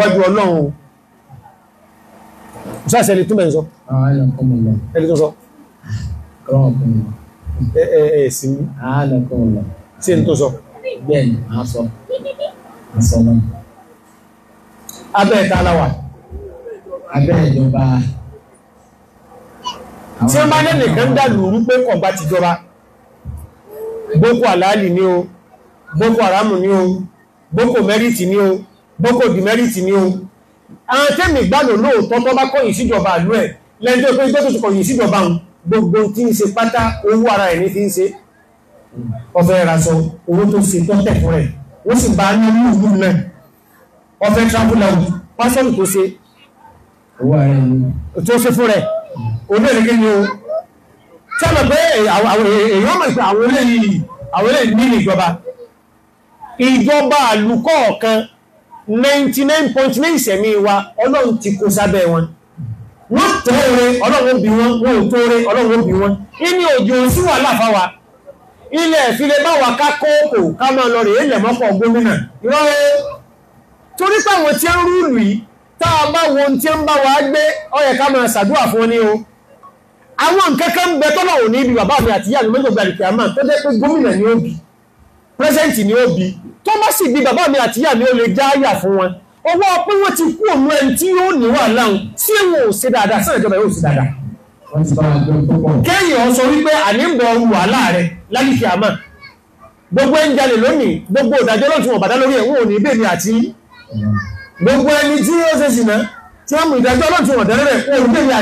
wájú ọlọ́run sáàsẹ̀ lè túnbẹ̀ ń sọ ẹni tó sọ ẹ̀ẹ̀sì ní sí ẹni tó sọ bẹ́ẹ̀ni àásọ àsọ́nà abẹ́ ẹ̀ta aláwà abẹ́ ìjọba tí ó máa lẹ́nì kan dàlù wípé kọ̀ǹbá ti jọba Boko Halal ni o Boko Haram ni o Boko Merit ni o boko demerit ni o àwọn tẹ́mì gbádùn lóòótọ́ tó bá kọ̀yìn síjọba àlú ẹ̀ lẹ́yìn tó pé tó kọ̀yìn síjọba òun gbogbo tí ń ṣe pátá owó ara ẹ̀ ní fi ń ṣe ọfẹ́ ìràṣọ owó tó ṣe tọ́tẹ̀ fún rẹ̀ ó sì bá ní ìlú ìlú náà ọfẹ́ travel out pásọ̀lù tó ṣe tó ṣe fún rẹ̀ olóòrèké ni o sábà pé èèyàn mọ̀ pé àwọn olóòrè ní ìjọba ìjọba àlùkọ̀ọ̀kan 99.9 ìsẹ̀mí wa ọlọ́run ti kó sábẹ́ wọn wọ́n tó rẹ ọlọ́run bí wọn wọ́n tó rẹ ọlọ́run bí wọn inú òjò sí wàhálà fáwa ilẹ̀ ìfilẹ̀ bá wà ká kóòkò ká máa lọ lẹ̀ gómìnà torí pàwọn tí ń rúùlù yìí tá a bá wo tí ń bá wa gbé ká máa ṣàdúrà fún ní o àwọn mi àti ìyá mi méjì gbàlùkì àmà tó jẹ́ pé gómìnà ni ó tó bá sì bí bàbá mi àti ìyá mi ó lè já yà fún wọn ọwọ́ pé wọ́n ti kú òun ẹni tí yóò ní wà láhùn sí wọn ò ṣe dáadáa sí ìjọba yóò ṣe dáadáa. kẹ́yìn ọ̀sọ̀ wípé àní ń bọ̀ ọrùn wàhálà rẹ̀ lálìkí àmà gbogbo ẹ̀ ń jalè lónìí gbogbo ìdájọ́ ló ti wọ̀n bàdá lórí ẹ̀wọ̀n òní bèmi àti gbogbo ẹni tí ó ṣe sì ná tí wọ́n mú ìdájọ́ ló ti wọ̀n dẹ́rẹ́ òní bèmi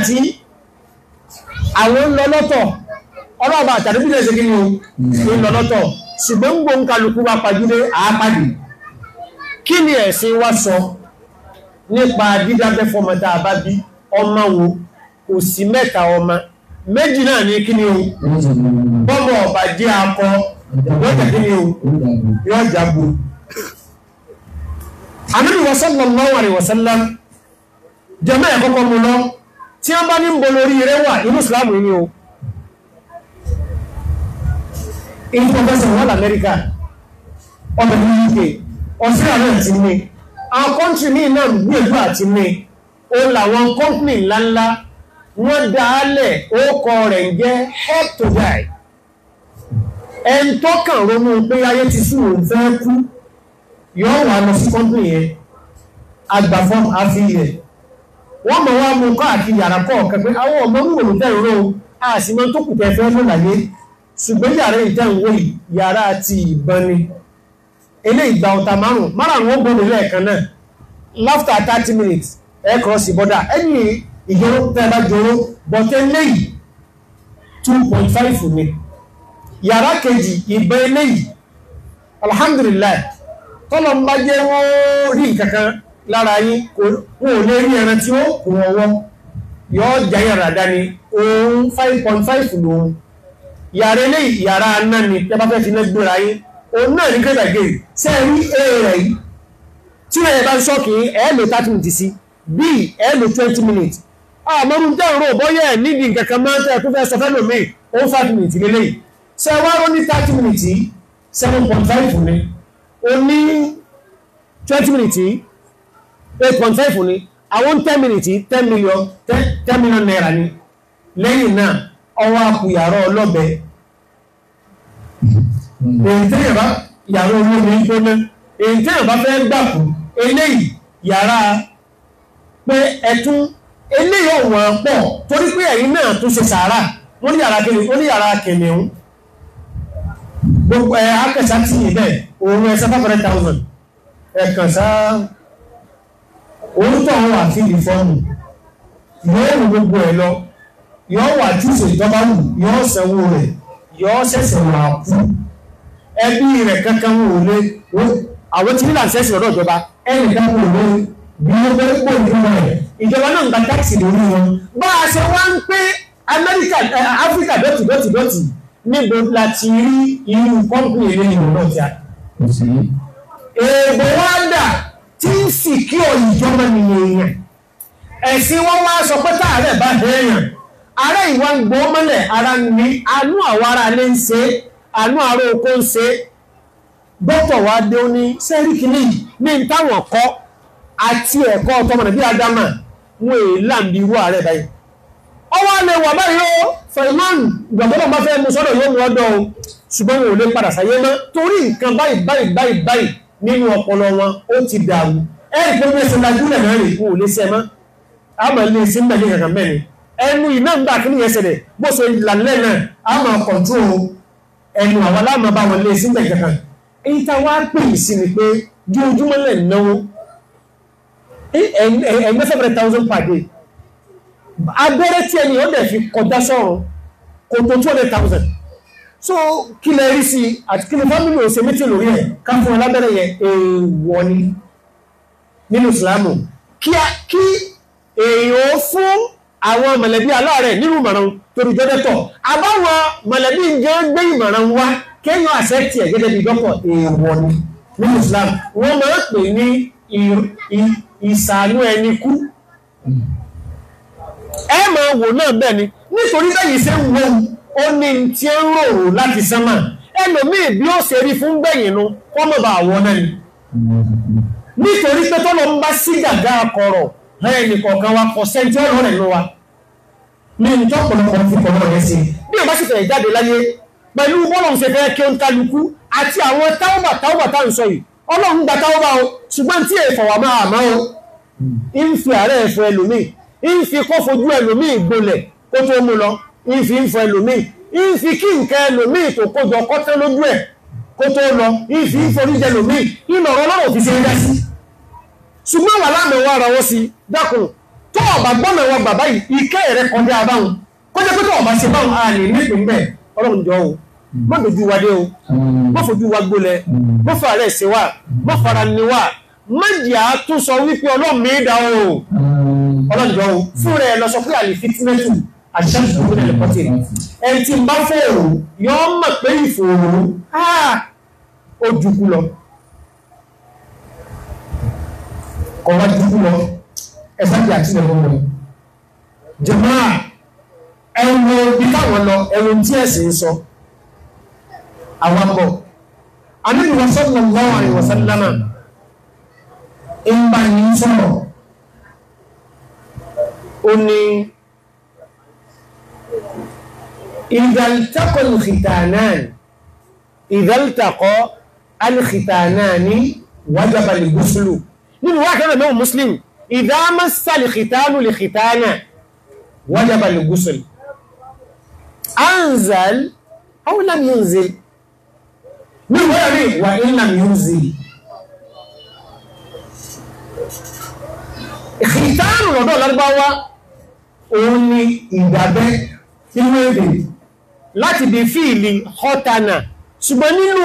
ṣùgbọ́n gbóǹkàlùkù wa pàdúlé àápàdì kí ni ẹ̀sìn wa sọ nípa dídábẹ́ fọmọta àbábí ọmọ wo kò sí mẹ́ta ọmọ méjì náà ní kí ni o bọ́mọ̀ ọ̀bà jẹ́ akọ lọ́jọ́ kí ni o yóò jàgbó Ànábì wa sallallahu alaihi wa sallam jẹ́mọ́ ẹ̀kọ́kọ́ mu lọ tí wọ́n bá ní èyí tó fẹsẹ̀ wọ́n lamẹ́ríkà ọmọ ní UK Australia náà ti ní àwọn kọ́ńtì míì náà gbìyànjú àti ní o làwọn kọ́ńtì ńláńlá wọ́n dá a lẹ̀ ó kọ rẹ̀ ń jẹ́ help to die ẹn tó kàn ronú pé ayé ti sùn òun fẹ́ kú yọ wà lọ sí kọ́ńtì yẹn agbàfọ́n àfihàn wọ́n mọ̀ wá mú káàkiri yàrá kọ̀ọ̀kan pé àwọn ọmọ mú òun tẹ̀ ń ro àṣìmọ́ tó kù tẹ̀ fẹ́ mọ́ láyé ṣùgbọ́n yàrá ìtẹ́wò yàrá ti ìbọn ni ilé ìgbà ọ̀tà márùn márùn ó gbọ́dọ̀ lẹ́ẹ̀kan náà láfta 30 minutes ẹ cross border ẹni ìjọrọ tẹ́lá jọrọ bọ̀tẹ́ léyìí two point five ni yàrá kejì ìbọn eléyìí alhamdulilayi tọ́lọ̀ ń bá jẹ́ wọ́n rí kankan lára yín wọn ò lè rí ẹran tí wọ́n kò wọ́wọ́ yọ jẹ́ yàrá dání òun five point five yàrá ilé yàrá aná ni tẹ́bá fẹ́ fi lẹ́gbẹ̀rẹ̀ ayé òun náà ní kẹta gẹ̀ẹ́ sẹ́ rí èrè rẹ̀ yìí tí rẹ̀ bá ń sọ́kì ẹ̀ẹ́lò 30 minutes sí bí ẹ̀ẹ́lò 20 minutes àmọ́rún tẹ́ ìró bọ́yẹ̀ níbi nǹkan kan máa ń tẹ́ ẹ̀kúfẹ́ sọ fẹ́lò mi ó 5 minutes lélẹ̀ sẹ́ wá rọ́ ní 30 minutes 7.5 ni ó ní 20 minutes 8.5 ni àwọn 10 minutes 10 million 10 million naira ni lẹ́yìn náà ọwọ́ àpòyàrá ọlọ́bẹ èyí tí yàrá yàrá eléyìí yàrá pé torí pé ẹ̀yin náà tún ṣe sàárà wọ́n ní yàrá kìnìún wọ́n ní yàrá kìnìún ẹ̀ akẹ́sà ti yìn bẹ́ẹ̀ òun ẹ̀ seven hundred thousand ẹ̀ kàn sá orúkọ àwọn àfihàn gbogbo ẹ̀ lọ yóò wà júṣe ìjọba wù yóò sanwó rẹ̀ yóò ṣẹ̀ṣẹ̀ wà kú ẹbí rẹ̀ kankan wò lé àwọn tí nílà ṣẹ̀ṣẹ̀ ọ̀dọ̀ ìjọba ẹnì kan wò lé bí wọ́n fẹ́ pò ìjọba rẹ̀ ìjọba náà ń gba táàkì lórí wọn bá a ṣe wá ń pé Amẹ́ríkà Áfíríkà dọ̀tì dọ̀tì dọ̀tì níbo la ti rí irú kọ́ńpì eré ìrọ̀lọ́ ti a. èèbò wá dà tí ń sì kí ọ̀ ìjọba nìyẹn ẹ̀sìn wọn wá sọ pé táàrẹ̀ bá dẹ́yàn ará ìwà ń gbọ́ mọ́lẹ̀ ara ní anú àwọn ará ilé ń ṣe anú ará oko ń ṣe dókítà wa dé ó ní sẹ́ríkì ní ní táwọn kọ́ àti ẹ̀kọ́ ọ̀tọ́mọ̀ nàbí adama wọn èè láǹdí irú ààrẹ báyìí ọwọ́ alẹ́ wà báyìí ó fẹ̀lmán ìgbàgbọ́dọ̀ bá fẹ́ mú sọ́dọ̀ yóò mú ọdọ̀ o ṣùgbọ́n wọn ò lè padà sáyé mọ́ torí nǹkan báyìí báyìí báyìí báyìí nínú ọpọlọ wọn ó ti dàrú ẹ̀rì pé náà rè wọn ò lè ṣẹ́ mọ́ àmọ́ ilé ṣe kankan mẹ́rin ẹnu iná ń gbà kí ní ẹsẹ̀lẹ̀ bó so ìlànlẹ̀ náà a máa kọ̀jú ẹnu àwọn aláàmọ́ bá wọn lé sílẹ̀ kankan èyí tá wá pè yìí sí ni pé jójúmọ́ lẹ̀ náwó ẹgbẹ́fẹ́fẹ́ thousand per day abẹ́rẹ́ tí ẹni ọ̀dẹ̀ fi kọjá sọ̀rọ̀ thousand so kí lẹ rí sí àti kí ni fámìlì ò ṣe méjì lórí ẹ̀ ká àwọn mọ̀lẹ́bí aláàrẹ̀ nínú ìmọ̀ràn torí dọ́dọ́tọ̀ àbáwọn mọ̀lẹ́bí jẹ́ gbé ìmọ̀ràn wa kéèyàn àṣẹ́tì ẹ̀ gẹ́gẹ́ bí dọ́kọ̀ èèwọ̀ ni nínú Islam wọ́n máa ń pè ní ìsàánú ẹni kú ẹ máa wò náà bẹ́ẹ̀ ni nítorí bẹ́yìí ṣe ń wo ó ní tí ó ń rorò láti sánmà ẹlòmíì bí ó ṣe rí fún gbẹ̀yìn nu kọ́mọ̀bà àwọn náà ni nítorí pé tọ́lọ́ ń bá sí gàgà akọ̀rọ̀ ẹni kọ̀ọ̀kan wa kọ̀ sẹ́ńtì ọ̀rọ̀ rẹ̀ lọ wa ní ìjọ ọ̀pọ̀lọpọ̀ ti kọ̀ o bá sì fẹ̀yẹ̀ jáde láyé pẹ̀lú bọ́lọ̀ ṣe fẹ́ kí o ń kálukú àti àwọn táwọ̀bà táwọ̀bà tá à ń sọ yìí ọlọ́run gba táwọ̀bà o ṣùgbọ́n tí èèfọ̀ wà máa àmọ́ o ń fi àárẹ̀ ẹ̀fọ́ ẹlòmíì ń fi kó fojú ẹlòmíì gbolẹ̀ kó tó mú lọ ń fi ń fọ ẹlòmíì ń fi kí nǹkan ẹlòmíì tó kójọ kọ́tẹ́ lójú ẹ̀ kó tó lọ ń fi ń forí jẹ ẹlòmíì ìmọ̀ràn ọlọ́run òfin ṣe ń dá sí ṣùgbọ́n wà láàmẹ̀wọ̀ ara wọn sí dákun tó ọ̀bà gbọ́mẹ̀wọ̀ bàbá yìí ikẹ́ rẹ̀ kọjá abáhùn kọjá pé tó ọ̀bà ṣe báhùn a lè ní ìpínlẹ̀ ọlọ́run jọ o má dojú wa dé o má fojú wa gbolẹ̀ má fa àárẹ̀ ṣe wa má fara ni wa sọ wípé ọlọ́run o ọlọ́run o fún ọwọ́ ti fún lọ ẹ̀sà ti àti ìwọ̀n wọn. jẹ̀mọ́ à ẹ̀wọ̀ bí káwọn lọ ẹ̀wọ̀ tí ẹ̀sìn sọ àwọn bọ̀. àmì wàsánlá lọ́wọ́ àmì wàsánlá náà ń bá ní sọ̀rọ̀ ó ní ìdàlítàkọ̀ lùkìtànáà ìdàlítàkọ̀ alùkìtànáà ní wájàbalì gúúsùlù nínú wákàtí mẹ́wọ̀n muslim ìdámọ́ sàlì kìtánù lè kìtánà wájábà lè gúsùl anzal aw lam yunzil ní wọ́n rí wà in lam yunzil kìtánù lọ́dọ̀ lárúbáwá òun ni ìdàbẹ́ inú èdè láti bí fíìlì hotana ṣùgbọ́n nínú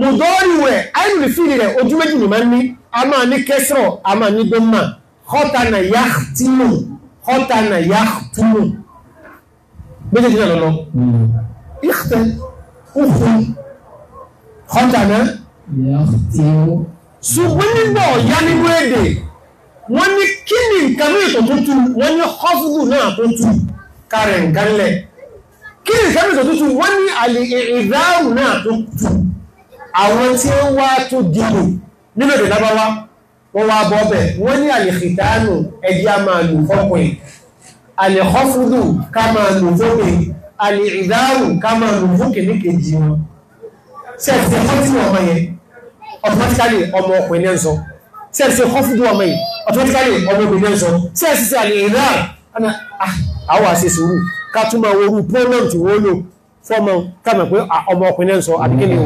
mùdọ́rì rẹ̀ àìlù rẹ̀ ojú méjì ni máa ń ní a máa ní kẹsìrọ̀ a máa ní dọ́mà kọ́tànà yàtìmù kọ́tànà yàtìmù méjèèjì náà lọ́lọ́ ìkìtẹ̀ òkú kọ́tànà yàtìmù ṣùgbọ́n nígbà ọ̀yá nínú èdè wọ́n ní kí ni nǹkan ní ètò tó tu wọ́n ní họ́fùdù náà tó tu kárẹ̀ nǹkan kí ni nǹkan ní ètò tu wọ́n ní àlè ìdáhùn náà tó tu àwọn tí wọ́n wá tó dìbò nínú èdè lábáwá wọ́n wá bọ́ bẹ̀ wọ́n ní àlèkìtánù ẹjẹ́ a máa lò fọ́kùnrin àlèkọ́fúdù ká máa lò fókè àlèkìdáàrù ká máa lò fókè ní kejì wọn sẹ́ẹ̀sẹ̀ fọ́tí ọmọ yẹn automatically ọmọ ọkùnrin náà sọ sẹ́ẹ̀sẹ̀ fọ́mọ kàmẹ̀ pé ọmọ ọkùnrin sọ àbíkẹ́lì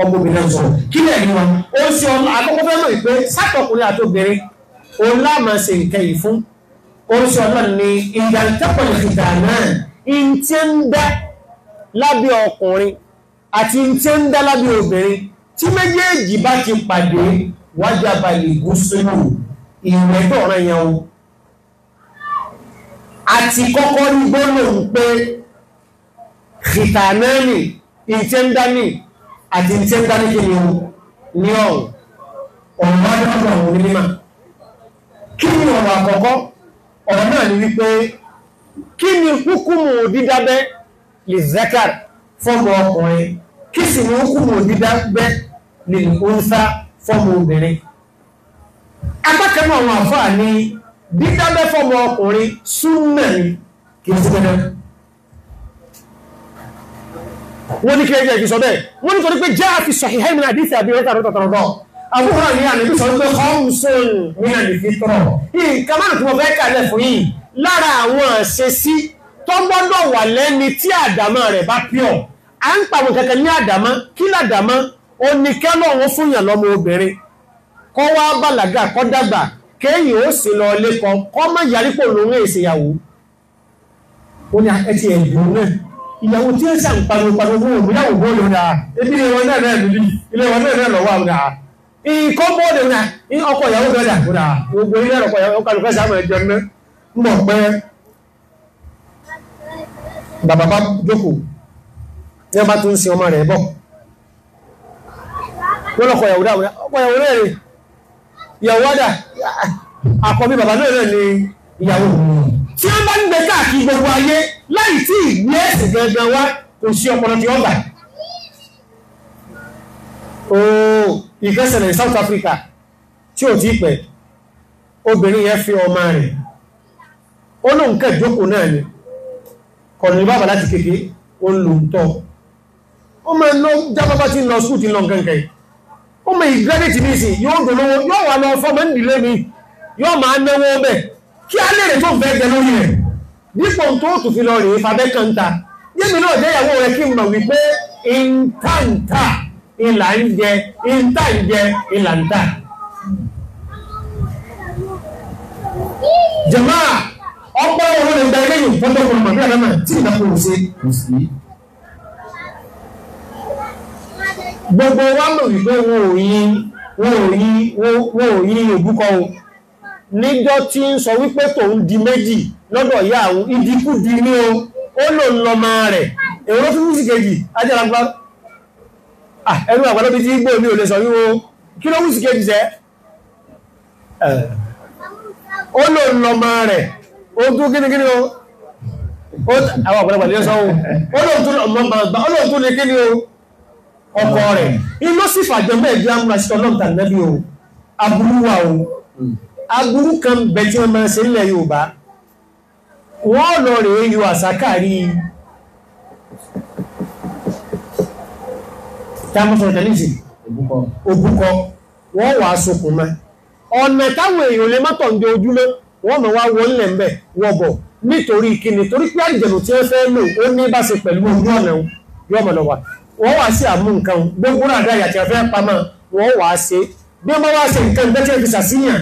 ọmọ obìnrin sọ kí lẹ̀ ní wọn ó sì ọmọ àkọ́kọ́ fẹ́ mọ̀ ìpé sátọkùnrin àti obìnrin òun láàmà ṣe nǹkan yìí fún ó sì ọmọ ní ìyàntẹ́pọ̀lì ìgbà náà in ti kìtàmẹ́lì ìtẹ́ndání àti ìtẹ́ndání kí ni ní ọ̀rùn ọ̀rùn wájú ọ̀rùn àwọn onímọ̀ kí ni ọ̀rọ̀ àkọ́kọ́ ọ̀rọ̀ náà ni wípé kí ni hukumu dídábẹ́ lè zakar fọ́mọ ọkùnrin kí sì ni hukumu dídábẹ́ lè oúnsá fọ́mọ obìnrin apákanú àwọn àfáà ni dídábẹ́ fọ́mọ ọkùnrin súnmọ̀ ni kì í sí dandan wọ́n ní kí ẹjẹ́ ìfi sọ bẹ́ẹ̀ wọ́n ní torí pé jẹ́ àfi sọ̀hìhẹ́ mi àdíṣẹ́ àbí ẹ̀ta rẹ̀ tọ̀tọ̀rọ̀ náà àbúrò ní àníbi sọ pé khamsun ní àníbi tọ̀rọ̀ nǹkan márùn ó sì lọ lẹ́kọ̀ọ́ kọ́ mọ̀ yàrípò lòun èsìyàwó ó ní ẹ ti náà ìyàwó tí ó ṣà ń pariwo pariwo fún òun yàwó bóòlù ní a ebi ilé wọn náà náà níbí ilé wọn náà náà lọ́wọ́ àwọn àá ikọ́ bóòlù ní a ọkọ̀ ìyàwó bẹ́ẹ̀ dàgbò dà gbogbo ilé ọkọ̀ ìyàwó kan lùfẹ́ sàmù ẹ̀jẹ̀ ńlẹ̀ ń bọ̀ pẹ́ bàbá bá jókòó ní ọba tó ń sin ọmọ rẹ̀ bọ̀ wọ́n ìyàwó dà ọkọ̀ ìyàwó náà ìyàwó ni ìyàwó tí wọ́n láì tí ìgbé ẹ̀sìn gangan wá kò sí ọpọlọ tí wọ́n ooo ìgbésẹ̀lẹ̀ South Africa tí ò tí pẹ́ obìnrin yẹn fi ọmọ rẹ̀ ó lóun kẹ́ ìjókòó náà ni kọ̀nà bàbá láti kéke ó ń lò ń tọ́ ó mọ ẹ̀nà jábábá tí ń lọ skúù tí lọ kẹ́kẹ́ ó mọ ìgbẹ́rẹ́tì ní ìsìn yóò dolówó yóò wà lọ fọ́mọ́ ń mi yóò máa náwó bẹ́ẹ̀ kí á lè rè tó fẹ́ jẹ lórí rẹ̀ dípò tó tù fi lọ rèé fabẹ́ kan ta yémi náà jẹ́ ìyàwó rẹ kí n mọ̀ wípé ìntàǹtà ìlà ń jẹ ìntàǹjẹ ìlà ń tà. jẹ̀má ọ̀pọ̀ owó lè gba eléyìí fọ́tọ̀ fún ọmọ bíi àdámà tí ìdá kò ṣe. gbogbo wa mọ̀ wípé wọn ò yí wọn ò yí wọn ò yí òbúkọ o níjọ́ tí ń sọ wípé tòun di méjì lọ́dọ̀ ìyá àwọn ìdíkù di ní o ó lò ń lọ máa rẹ̀ èrò fún mùsùlùmí kejì ajẹ́lágbá ẹnu àgbàlóbi tí gbò ní olè sọ wíwo kí ló mùsùlùmí kejì sẹ́ ó lò ń lọ máa rẹ̀ ó tún kíníkíní o àwọn àgbàlagbà lè sọ ó lò ń tún ọmọ bàbá o ọkọ rẹ̀ inú sì fàjọ mẹ́ẹ̀dì amúrasí ọlọ́ọ̀tà nẹ́bí o aburú wa o aburú kan bẹ̀ tí wọ́n máa ṣe nílẹ̀ Yorùbá wọ́n lọ rèé yọ àsákàrí tamọ́sọ̀rọ̀ tẹ̀lẹ́sì òbúkọ wọ́n wà sókùn mẹ́ ọ̀nà táwọn èèyàn lè mọ́tọ̀ ń dé ojúmọ́ wọ́n mọ̀ wá wọ́n lẹ̀ mẹ́ wọ́bọ̀ nítorí kíni torí pé àjẹ̀nù tí wọ́n fẹ́ lò ó ní bá ṣe pẹ̀lú ojú ọ̀nà yóò mọ̀ wọ́n wà sí àmú nǹkan gbogbo àdá àyàtì ọ̀fẹ́ pamọ́ wọ́n wà á ṣe bí wọ́n wá ṣe nǹkan tẹ́tẹ́ fi ṣàṣìyàn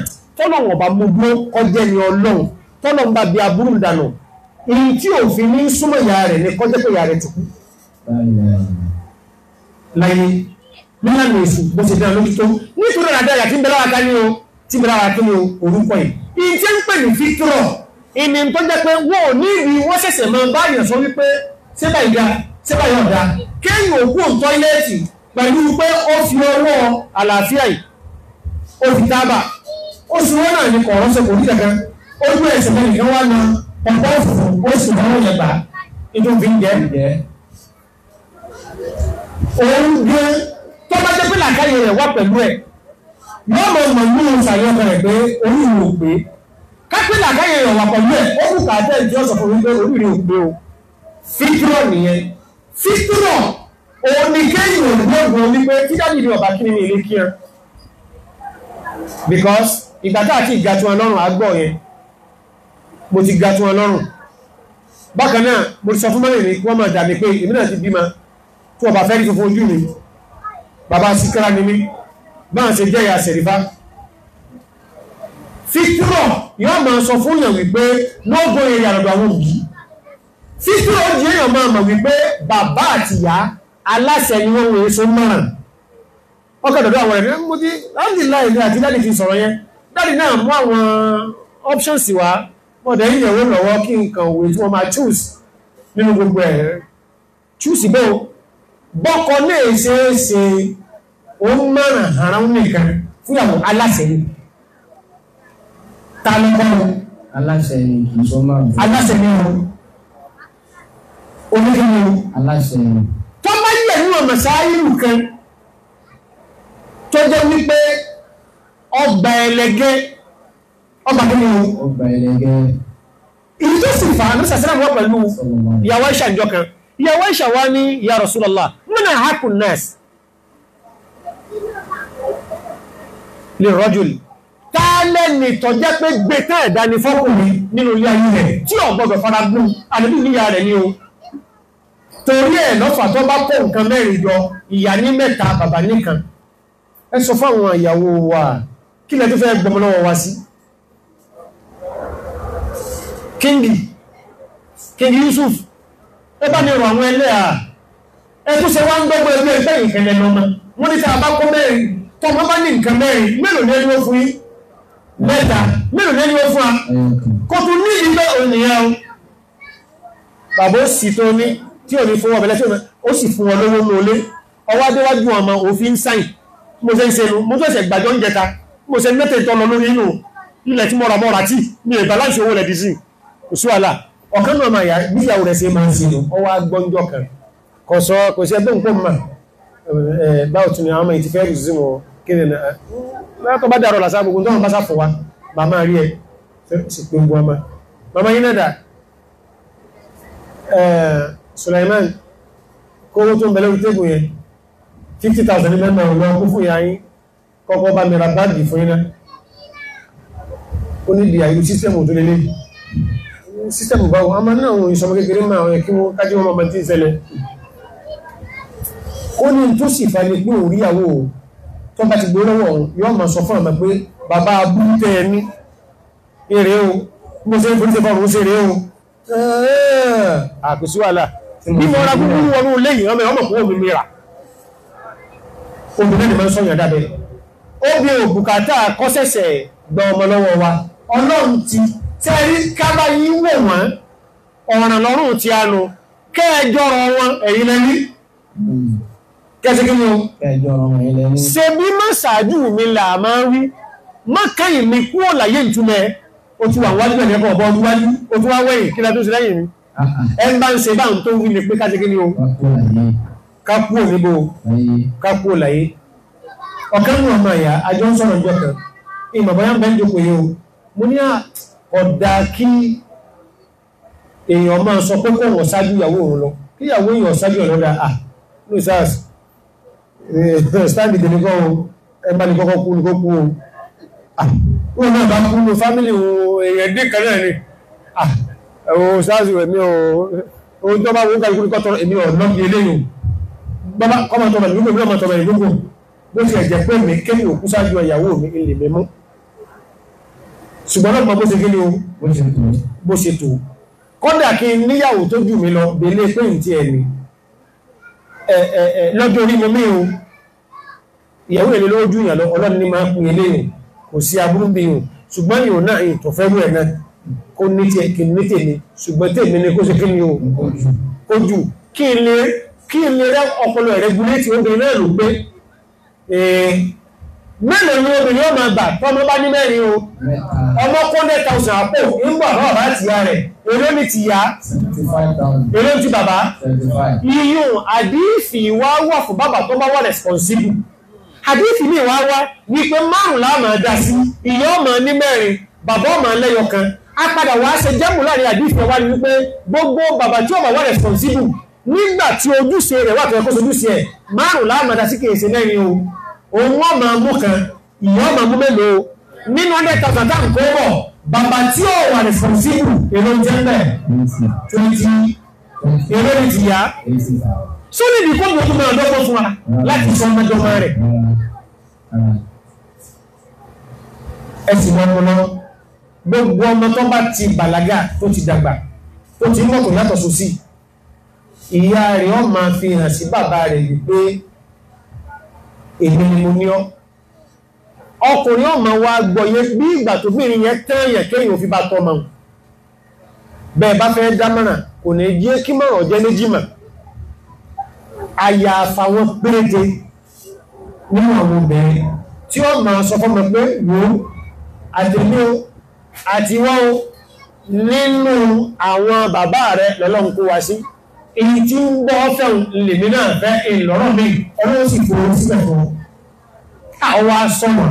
wọ̀n bá mú gbó kọjẹ́ ni ọlọ́run tọ́lọ̀ ń bá bí aburú dànù èyí tí òfin ní súnmọ́ ìyá rẹ̀ ní kọjá pé ìyá rẹ̀ tó kú. láyé nílá èsù bó ṣe dáná lójú nítorí àdá ìyá tí ń bẹ̀rẹ̀ àdá ní o tí bẹ̀rẹ̀ àdá ní o orúkọ yìí. ìyí tí ń pè ní fítúrọ̀ ìní tó jẹ́ pé wọ́n ò ní ìrì wọ́n ṣẹ̀ṣẹ̀ máa bá yàn sọ wípé sẹ́bà ìdá sẹ́bà yọ̀ọ̀dá kéèyàn òkú tọ́ílẹ̀tì pẹ̀lú pé ó fi ọwọ́ àlàáfíà yìí ó fi dábà ó sì wọ́n náà ní kọ̀ọ̀rọ̀ sọ kò rí kankan ojú ẹsẹ̀ mi nìkan wá lọ ọ̀pọ̀ ọ̀fọ̀ ó sì dáwọ́ yẹn gbà inú fi ń jẹ́ òun gbé tó bá jẹ́ pé làkàyè rẹ̀ wá pẹ̀lú ẹ̀ mọ́mọ́ mọ̀ ní ìṣàyẹ̀ ọkọ rẹ̀ pé orí ìwò gbé kápẹ́ làkàyè rẹ̀ wà pẹ̀lú ẹ̀ ó kù kàtẹ́ ìjọ sọ fún mi pé orí rẹ̀ ò gbé o fífúrọ̀ nìyẹn fífúrọ̀ òun ni kéyìn òdúgbò ní pé tíjáde ìlú ọ̀bá kiri ní ilé kí ẹ because ìgbà tá àti ìgbà tí wọn lọ́rùn àgbọ̀ yẹn mo ti ga tún ọlọ́run bákan náà mo ti sọ fún mọ́lẹ̀ ní wọ́n máa dàbí pé èmi náà ti bímọ tí wọ́n bá fẹ́ rí funfun ojú mi bàbá síkára ni mí báà ṣe jẹ́ ìyá sẹ̀rífá fítúrọ̀ yóò máa sọ fún èèyàn wípé lọ́gbọ́n èrè àrọ̀dọ̀ àwọn òbí fítúrọ̀ di èèyàn máa mọ̀ wípé bàbá àti ìyá aláṣẹ ni wọ́n wòye so márùn ọkọ̀ dọ̀dọ̀ àwọn ẹ̀rẹ́ mo ti láti láì ní àti láti fi sọ̀rọ̀ yẹn láti náà mú àwọn options wá wọ́n dẹ̀ níyàwó lọ́wọ́ kí nǹkan òwe tí wọ́n máa choose nínú gbogbo ẹ̀ choose bó bọ́kọ náà ṣe é ṣe ó ń mọ̀ràn ara ń nìkan fúyàwó aláṣẹ ni ta ló kọ́ wọn. aláṣẹ ni kì í sọ máa ń bọ̀. aláṣẹ ni wọn onídìí ni wọn. aláṣẹ ni. tó bá yẹ nínú ọ̀nà sáyẹ́lù ọgbà ẹlẹgẹ́ ọba kìíní o. ọba ẹlẹgẹ́. ìdí tó sì fà á nísà sílẹ̀ wọ́n pẹ̀lú ìyàwó Aisha njọ kan ìyàwó Aisha wa ní ya Rasulullah múnà hakun nas lè rajul tálẹ̀ ní tọ́jẹ́ pé gbé tẹ́ ẹ̀dá ni fọ́kùnrin nínú ilé ayé rẹ̀ tí ò gbọ́dọ̀ fara gbú àdébù níyà rẹ̀ ni o torí ẹ̀ lọ́fà tó bá kó nǹkan mẹ́rin jọ ìyá ní mẹ́ta bàbá nìkan ẹ sọ fáwọn ìyàwó wa kí lẹ tó fẹ́ gbọmọ wa sí kíngì kíngì Yusuf ó bá ní ọ̀rọ̀ àwọn ẹlẹ́ à ẹtú ṣe wá ń gbọ́gbọ́ ẹgbẹ́ ẹgbẹ́ ìkẹlẹ̀ lọ́mọ wọ́n ní tá a bá kó mẹ́rin tó ọmọ bá ní nǹkan mẹ́rin mélòó ní ẹni ó fún yín mẹ́ta mélòó ní ẹni ó fún wa kò tún ní ìdílé ònìyàn o bàbá ó sì tó ní tí ò ní fún wọn bẹ̀lẹ́ tí ó sì fún sí wàhálà ọ̀kan náà máa yà bí ìyàwó rẹ̀ sí máa ń sinú ọwọ́ agbọ́njọ́ kan kò sọ kò sí ẹgbẹ́ nǹkan mà báwo tún ni àwọn ọmọ yìí ti fẹ́ rìsí wọn Sulaiman kówó tó ń bẹ lórí fifty thousand ní mẹ́mọ̀ ọ̀rọ̀ kó fún ìyá yín kọ́kọ́ bá mi ra báàgì fún yín náà ó ní di àyè sísẹ́mù tó sísẹ̀mù báwo a máa náà wọn ìṣọmọ kékeré máa wọn kí wọ́n kájí wọn máa ti ń ṣẹlẹ̀ ó ní tó sì fa ilé pé òríyàwó tó bá ti gbé lọ́wọ́ òun yóò máa sọ fún àmọ́ pé bàbá abúlé tẹ ẹ ní èrè o mo ṣe ń forí ṣe fọwọ́ ṣe èrè o àpèsè wàhálà bí mo ra gbogbo wọnú lẹ́yìn omi rà ni máa ń sọ yàn dábẹ́ ó bí òbùkátà kọ́sẹ̀sẹ̀ gba ọmọ lọ́wọ́ wa ọlọ́run ti tẹ́rí kábà yí wò wọ́n ọ̀ràn lọ́rùn tí a nù kẹ́ẹ̀jọ́rọ̀ wọn ẹ̀yìn lẹ́ní kẹ́sí kí mú ṣe bí má ṣáájú mi là máa rí má kẹ́yìn mi kú ọ̀láyé ìtumẹ̀ o ti wà wájú ẹ̀yẹ kọ̀ bọ́ wájú o ti wá wẹ̀yìn kí látó sí lẹ́yìn mi ẹ ń bá ń kan ìmọ̀ bọ́yá ń bẹ́ ń ní à ọ̀dà kí èèyàn máa sọ pé kò wọ́n ṣáájú ìyàwó òun lọ kí ìyàwó èèyàn ṣáájú ọ̀rọ̀ dá à ah, ló sars stanley tẹ̀lé kọ́ ẹ bá ní kọ́kọ́ kú ní kó kú o wọn ah, náà bá kú ní fámìlì èèyàn dín kan náà ni o sars èmi o ohun tó bá wọ́n kàlùkù ní kọ́tọ́ èmi ọ̀ lọ́ọ̀kì eléyìí bàbá kọ́mọ̀tọ́mọ̀ ìlú kò bí ọmọ tọ́mọ̀ ìlú kò bó ti ẹ̀jẹ̀ pé mi kéwì òkú ṣáájú ìyàwó mi ilé mi mú ṣùgbọ́n náà bó ṣe gíní o bó ṣe tó kọ́dà kí níyàwó tó jù mí lọ belé pé n ti ẹ̀mí lọ́jọ́ orí mi o ìyàwó èlé lójú ìyàn lọ ọlọ́run ní máa pín ilé rẹ̀ kò sí aburú bí o ṣùgbọ́n ìhò náà ìtọ̀ fẹ́ rú ẹ̀ náà kó ní tiẹ̀ tèmi ṣùgbọ́n tèmi ni kó ṣe kí ni o kó jù kí n lè ọpọlọ rẹ̀ gúlé tí ó bẹ̀rẹ̀ náà ló mélòó ni obìnrin ọmọ gbà tọmọ bá ní mẹ́rin o ọmọ kó ní ẹ̀tàùsàn àpò ń bọ̀ náà bá ti ya rẹ̀ èrò ní ti ya èrò ní ti bàbá iyùn àdífì wá wà fún bàbá tó bá wà responsible àdífì mi wá wá ní pé márùn láàmà dá sí ìyá ọmọ ní mẹ́rin bàbá ọmọ lẹ́yọ kan a padà wá ṣe jẹ́mù láàrin àdífì wá ní wípé gbogbo bàbá tí ọmọ wà responsible nígbà tí ojúṣe rẹ̀ wà tó yẹ kó sojúṣe ẹ̀ márùn láàmà dá sí kèèṣe mẹ́rin o òun wọ́n máa mú kan ìyá ọmọ mú mélòó nínú hundred thousand tá à ń kó bọ̀ bàbá tí ò wà ní fòsíìlù èrò ń jẹ́ bẹ́ẹ̀ twenty èrò ní ti yá sórí ìdí kó mi ò tún máa dọ́gbọ́n fún wa láti sọ ọmọdé ọmọ rẹ̀ ẹ sì mọ ọmọ náà gbogbo ọmọ tó bá ti bàlágà tó ti dàgbà tó ti mọ̀kò yàtọ̀ sósì ìyá rẹ̀ ọ̀ máa fi hàn sí bàbá rẹ̀ wípé èmi ni mo ní ọ́ ọkùnrin ọmọ wa gbọ̀yẹ bí ìgbà tó bìnrin yẹn tẹ́yẹ̀ kéyìn òfin bá tọ́ mọ́un bẹ́ẹ̀ bá fẹ́ dámọ́nà kò ní jẹ́ kí mọ̀rọ̀ jẹ́ méjìmọ̀ àyà àfàwọn péréte nínú àwọn obìnrin tí èyí tí ń gbọ́ fẹ́ lèmi náà fẹ́ ìlọ́rọ̀ mi ọlọ́run sì fòrò sílẹ̀ fún àwọn asọ́mọ̀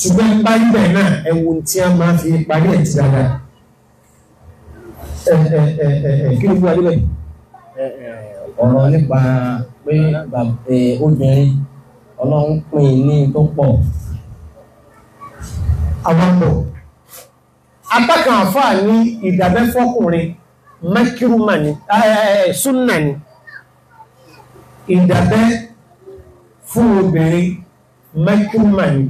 ṣùgbọ́n bá ń bẹ̀ náà ẹ̀wùn tí a máa fi parí ẹ̀ ti dáadáa kí ló fún wa níbẹ̀. ọ̀rọ̀ nípa pé obìnrin ọlọ́run pín in ní tó pọ̀. àwọn pọ̀ apá kan àfáà ní ìdábẹ́fọ́kùnrin makiruma ni eh, eh, sunna ni ìdàbẹ́ fún obìnrin makiruma ni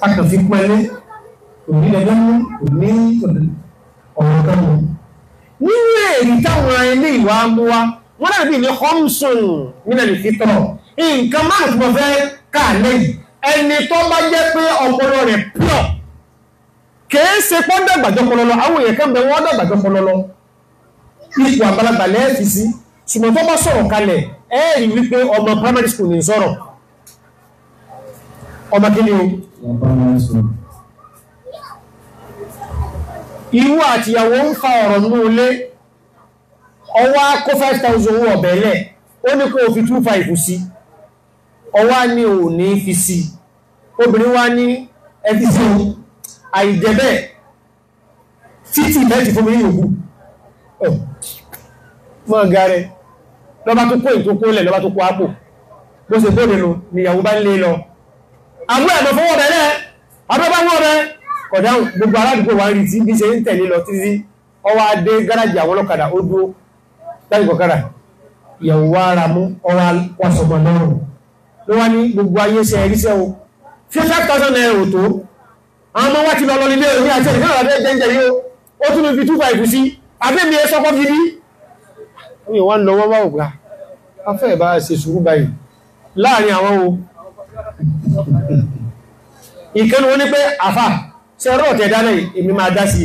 a kàn fi pẹ́lẹ́ òní lẹ́gbẹ́ mú òní ọ̀rọ̀ kan mú nínú ẹ̀rí táwọn ilé ìwà mú wa wọ́n dàbí ní homsun nílẹ̀ ìfitọ́ nǹkan márùn-ún tó fẹ́ káàlẹ́ yìí ẹni tó bá jẹ́ pé ọpọlọ rẹ̀ pure kèé ṣe pọ́n dàgbàjọ́ pọlọlọ àwọn èèyàn kan bẹ wọ́n dàgbàjọ́ pọlọlọ ipò àgbàlagbà lẹ́ẹ̀fì sí ṣùgbọ́n tó bá sọ̀rọ̀ kalẹ̀ ẹ rí wípé ọmọ primary school ní sọ̀rọ̀ ọmọ kí ni o irú àtìyàwó ń fa ọ̀rọ̀ ní ilé ọwá kó 5,000 owó ọ̀bẹ̀lẹ̀ ó ní kó fi 2,500 sí ọwá ní ò fi sí obìnrin wá ní ẹfí sí àìdẹ́bẹ̀ títí mẹ́jì fún mi ní òkú mọ́ ga rẹ̀ lọ́bá tó kó ìtókó lẹ̀ lọ́bá tó kó ápò bó ṣe bóde lọ níyàwó bá ń lé lọ àbúrò ẹ̀mọ̀ fún ọ̀bẹ̀ lẹ́ abẹ́bá wọ́n rẹ̀ kọ̀dá gbogbo aládùúgbò wa ń rí tí bí ṣe ń tẹ̀lé lọ títí ọwọ́ adé gáràjì àwọn ọlọ́kadà ó dúró láti kọ̀kadà ìyàwó wa ara mú ọwọ́ wasọ̀gbọ̀n lọ́rùn ló o fún five thousand naira ò tó ọmọ wá ti lọ lọ́lé ilé ìwé àti ẹ̀rọ àbẹ́ jẹ́jẹ́ yóò ó tún fi túfà ìkú sí abẹ́mi ẹ sọ́kọ́ gidi omi wọ́n lọ wọ́n wá ògbà afẹ́ ìbá ṣe sùúrù báyìí láàrin àwọn o ìkẹnu wọn ní pé àfà ṣe tẹ̀ dálẹ̀ èmi máa dá sí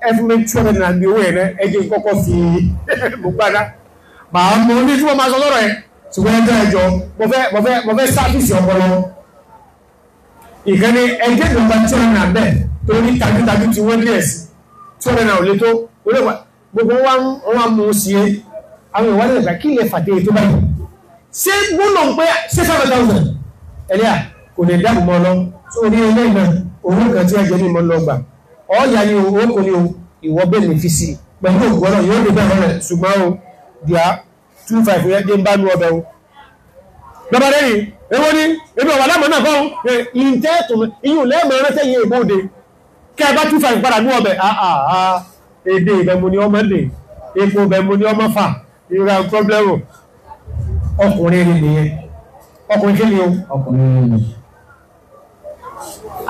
ìkànnì ẹgbẹ́ ìjọba tí wọ́n nà bẹ́ẹ̀ tó ní tagítagí ti wọ́n díẹ̀ sí tí wọ́n nà ò lè tó olè wà gbogbo wọn wà mú un sí i àwọn ìwádìí ìgbà kí lè fàdé ètò báyìí ṣé gbọ́dọ̀ pé ṣé five thousand ẹ̀lẹ́à kò lè dáàbò mọ́ lọ tó ní ilé ìgbà òun kan tí wọ́n jẹ́ ní mọ́ lọ́gbà ọ̀ọ́yà ni owó kò ní ìwọ bẹ́ẹ̀ lè fi sí i pẹ̀lú ògbọ́nà yóò lè bẹ̀rẹ̀ rẹ̀ ṣùgbọ́n o dia two five yẹn dé ń bá nu ọbẹ̀ o. lọ́ba lẹ́yìn èwo ni ebi ọ̀wà lámọ̀ náà fọ́n ìǹtẹ́ tún iyùn lẹ́ẹ̀mọ̀ rántẹ́ yìí ìbòde kẹ́ ẹ bá tún fa ìpadà ní ọbẹ̀ àà ah, ah, ah. èdè ìbẹ̀mù ni ọmọ lè epo ìbẹ̀mù ni ọmọ fà ìrora pọ́blẹ́rù ọkùnrin ni nìyẹn ọkùnrin kí ni o ọkùnrin ni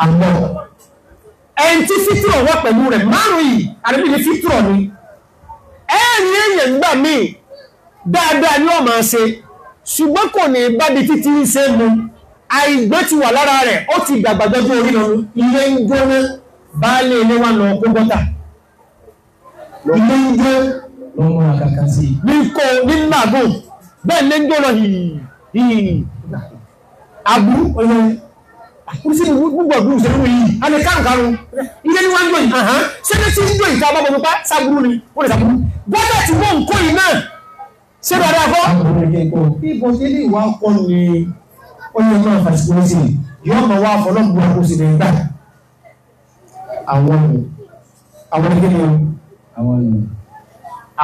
àmọ́ ẹni tí fítúrọ̀ wà pẹ̀lú rẹ̀ márùn yìí àdébí ni fítúrọ̀ ni ẹ̀ẹ́rì èèyàn gbà míì dáadáa ṣùgbọ́n kò ní bábi títí ń ṣe mu àìgbé ti wà lára rẹ̀ ó ti dàgbà gbẹ́gbẹ́ orí lọ ilé ń gbóná baálé ilé wa lọ kó gọ́tà ilé ń gbé lọ́mọ àkàkà sí i ní kò ní nàgò bẹ́ẹ̀ lé ń gbóná yìí aburú ọyọ ni gbogbo ọdún ìṣẹ́lú yìí àmì kárùnkárù ilé ní wọ́n ń gbé ṣé ní tí ń gbé yìí tá a bá bọ̀ ni ó lè sábúrú gbọ́dọ̀ tí wọ́n ń yìí náà ṣé dada kọ́. bí bó ṣe lè wá kọ́ ni ó yẹ máa fàṣìkò ní sílẹ̀ yóò máa wá fọlọ́gbọ̀n kó sì lè gbà. àwọn ọ̀hún àwọn ẹgbẹ́ ni àwọn ọ̀hún.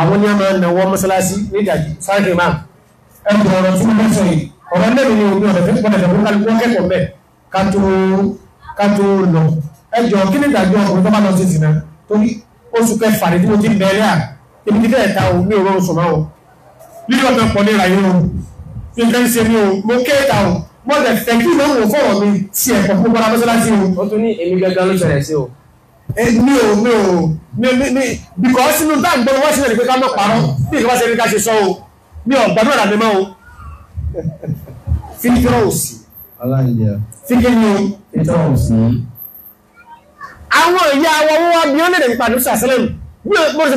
àwọn ní a máa nà wọ́n mọ́sálásí ní ìdájí sáré máa ẹ̀ ń bọ̀rọ̀ tí wọ́n sọ yìí ọ̀rọ̀ mẹ́rin ni omi ọ̀rọ̀ fẹ́ẹ́ pọ̀lẹ̀ fún kálukú kẹ́kọ̀ọ́ mẹ́ ká tó lọ ẹjọ́ kí ni ìdájọ́ ọkùnrin tó bá lọ sí ìsìn náà torí oṣù kẹfà ní tí mo ti bẹ̀rẹ̀ à ebi ti fẹ́ẹ̀ ta omi òróró sọ̀rọ̀ lílọ náà pọ̀ léra yìí o nǹkan ń ṣe mí o mo ké ta o mo tẹ̀ tẹ̀ kí ló wò fọ̀rọ̀ mi sí ẹ̀kọ́ fún bọ́lá mọ́sálásí o. ó tún ní èmi gangan ló ṣẹlẹ̀ sí o. mi ò mi ò mi mi mi bìkọ́ sínú tá à ń gbọ́ wọ́n sílẹ̀ ní pé ká mọ̀ parọ́ bí ìkọ́ bá ṣe ní ká ṣe sọ o mi ò gbàdúrà mi mọ́ o. fíjọ́ òsì. fíjọ́ ni o. fíjọ́ òsì. àwọn ìyá wa wọ́n wá bí ó lè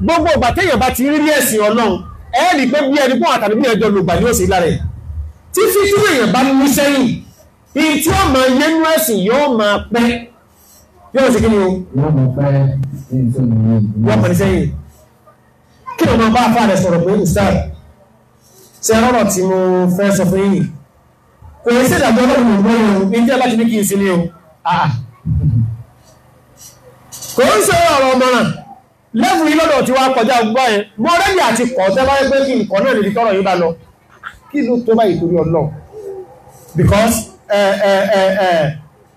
gbogbo ìgbà téèyàn bá ti rí ẹ̀sìn ọlọ́run ẹ rí pé bí ẹni pọ́n àtàbí bí ẹjọ́ lògbà ní òsì lára ẹ̀ tí fífi èèyàn bá mú sẹ́yìn ìyí tí ó máa yé nú ẹ̀sìn yóò máa pẹ́ yóò sì kí ni o. wọ́n mọ̀ pẹ́ wọ́n mọ̀ ní sẹ́yìn kí ni wọ́n bá fà rẹ̀ sọ̀rọ̀ pé ustaz ṣe rọrọ̀ tí mo fẹ́ sọ fún yìí kò ní sí ìdàgbọ́ ọlọ́run ìgbọ́ yìí o ní tí aláṣẹ ní kí n ah. sí ni o kò ń ṣe ọ̀rọ̀ ọmọ náà lẹ́fù yìí lọ́dọ̀ tí wá kọjá gbọ́ ẹ mọ́ rẹ́dì àti kọ̀ tẹ́ bá gbé kí nǹkan náà lè tọrọ yìí bá lọ kí ló tó báyìí torí ọlọ́run because ẹ ẹ ẹ ẹ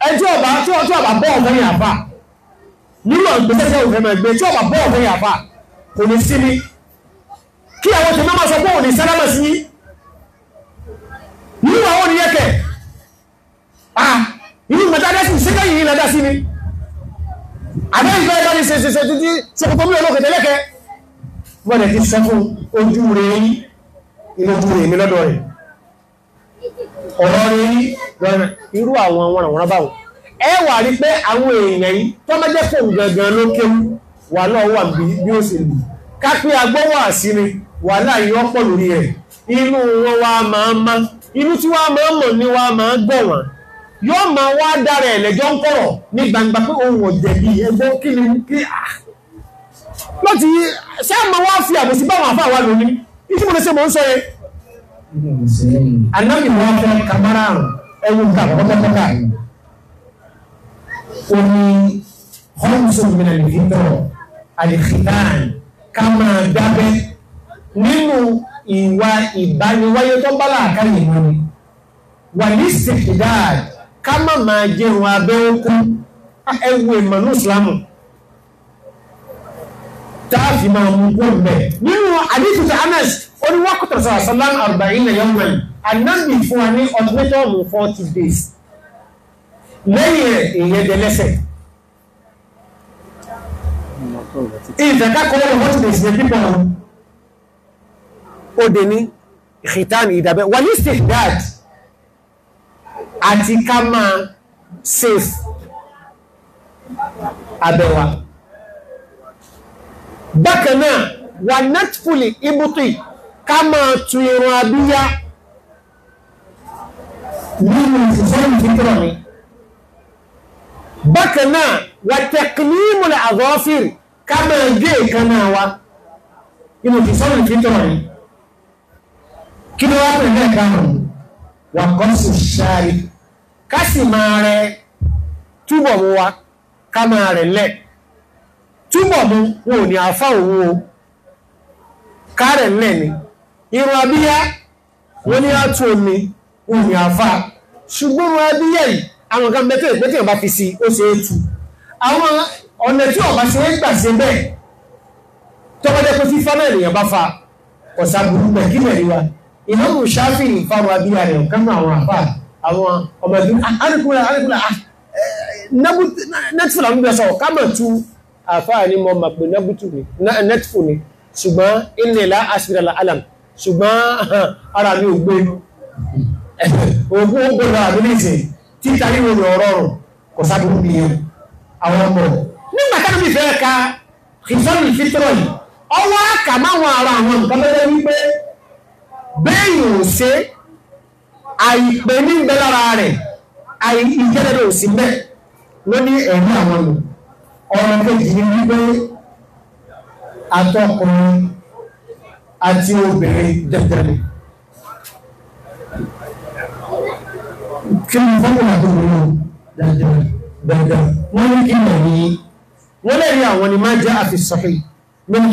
ẹ tí ọba tí ọba bọ́ ọ̀fẹ́ yà fà nínú ọ̀gbẹ́sẹ̀ tí ọ̀fẹ́ máa gbé tí ọba bọ́ ọ̀fẹ́ yà fà kò ní sí mi kí àwọn tó máa sọ pé òní sálámà sí nínú àwọn oníyẹ̀kẹ̀ ah inú mẹ́ta dẹ́sìn síkẹ́ yìí lọ́dá sí mi. àbẹ́yìnbẹ́ ẹgbẹ́ ní ṣeṣeṣe títí ṣokòtò mílò lókè tẹ́lẹ́kẹ́ wọ́n ti àwọn wọ̀nàwọ̀nà báwọn ẹ rí pé àwọn èèyàn yìí tó má fòun wà náà wà bí ó lù agbọ́wọ́ àsí ni wà lórí inú wọn máa inú tí máa yóò máa wá dára ẹ̀lẹ́jọ́ ń kọ̀rọ̀ ní gbangba pé òun ọ̀jẹ̀bi ẹgbẹ́ kí ni kí à ah. láti ṣé àmọ́ wá fi àbòsí báwọn àfa wa lónìí iṣẹ́ mo lè ṣe mò ń sọ yẹ. anáàmì wọn fẹ́ kamara ẹwù ká pátápátá o ní họ́ọ̀mùsọ̀ ìgbìnà lè fi tọrọ àlèkìtàn ká máa dábẹ́ nínú ìwà ìbániwáyé tó bá láàkáyè wọn wà ní sèkìdáàdì ká má máa jẹun abẹ́wọ́kú ah, ẹwù ìmọ̀nú ìsìlámù tààfì máa mú kó mẹ́ nínú àdífìtà anas oníwákùtà sàásàlám àrùbáyìn na yọmọ yìí anábì fún wa ní ọdúnmẹ́tọ́ọ̀mù 40 days lẹ́yìn rẹ̀ èèyàn dẹ lẹ́sẹ̀ ìfẹ̀ká kọ́ lọ́wọ́ 40 days ní pípọ̀ ó dé ní ìkìtàn ìdàbẹ̀ wà ní stihdad àti ká máa safe abẹ́wà bákan náà wà netfully ibuti ká máa tu irun abíyá nínú ìsẹ́yìn fíkìrọ̀ mi bákan náà wà tẹ̀kìlímù àgọ́fìr ká máa gé ìkaná wa inú ìsẹ́yìn fíkìrọ̀ mi kí ló wá pẹ̀lú ẹ̀ka wà kọ́ sí ṣáàrí ká sì máa rẹ túbọ̀ mú wa ká máa rẹ̀ lẹ̀ túbọ̀ mú wọn ò ní àfá òun o ká rẹ̀ lẹ̀ ni irun abíyá wọn ní àtú omi wọn ò ní àfá ṣùgbọ́n irun abíyá yìí àwọn kan mẹ́tọ́ ìpẹ́tẹ́ ọba fi si ó ṣe é tu àwọn ọ̀nà tí ọba ṣe é gbà ṣe bẹ́ẹ̀ tọ́kọ́jẹ́ pé fífá náà ènìyàn bá fa ọ̀sà burúkú bẹ̀ kí mẹ́rin wa ṣáfì ìfarun abíyá rẹ̀ ọ̀kan àwọn àfáà àwọn ọmọ ẹgbẹ́ àríkúnlẹ̀ àríkúnlẹ̀ netful àwọn ìbẹ̀sọ̀ kámọ̀ tú àfáà ní mọ́ màpé netful ni ṣùgbọ́n ilẹ̀ ilá asìrìlà alam ṣùgbọ́n ara mi ò gbé ogún ogun náà àbí nìsín títa ríro rẹ̀ ọ̀rọ̀rùn kò sábúrú ni àwọn ọmọ nígbà tánà mi fẹ́ ka ìfọ́nì fítọ́rọ̀ yìí ọwọ́ àkàmáwọn ara àwọn nǹkan mẹ́rẹ́ wípé bẹ́ẹ̀ yóò se àìpé ní ìgbẹ́ lára rẹ̀ àìjẹ́rẹ̀rẹ̀ ò sí mẹ́ ló ní ẹ̀rí àwọn lò ọ̀rọ̀ kejì ní wípé àtọkùnrin àti obìnrin dẹ̀dẹ̀rẹ̀ kí ni fọ́nmùlà tó wọ́n lò dẹ̀dẹ̀rẹ̀ wọ́n ní kí mọ̀ ní wọ́n lè rí àwọn ni máa jẹ́ àfisọ̀hìn min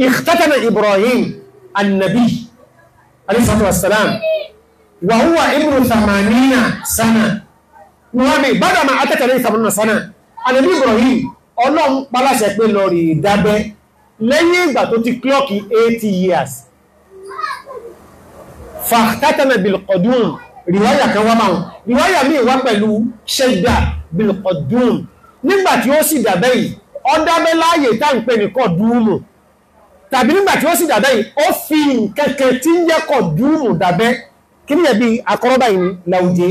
اختتم إبراهيم النبي عليه الصلاة والسلام وهو ابن ثمانين سنة wọ́nni bádà máa atẹ́tẹ̀lẹ́ ìsàmúnà sánà ànàbí Ibrahim ọlọ́run paláṣẹ pé lọ rí dábẹ́ lẹ́yìn ìgbà tó ti klọ́kì 80 years fàtàtàmẹ̀ bilkọdún ríwáyà kan wá máa ríwáyà míì wá pẹ̀lú ṣẹ́gbà bilkọdún nígbàtí ó sì dábẹ́ yìí ọ dábẹ́ láàyè tá ń pè ní kọdúnmù tàbí nígbà tí wọ́n sì dàbẹ́ yìí ó fi nǹkan kan tí ń yẹ́kọ̀ dúrùmù dàbẹ́ kí ni ẹ̀bí akọ́rọ́bà yìí làwùjẹ́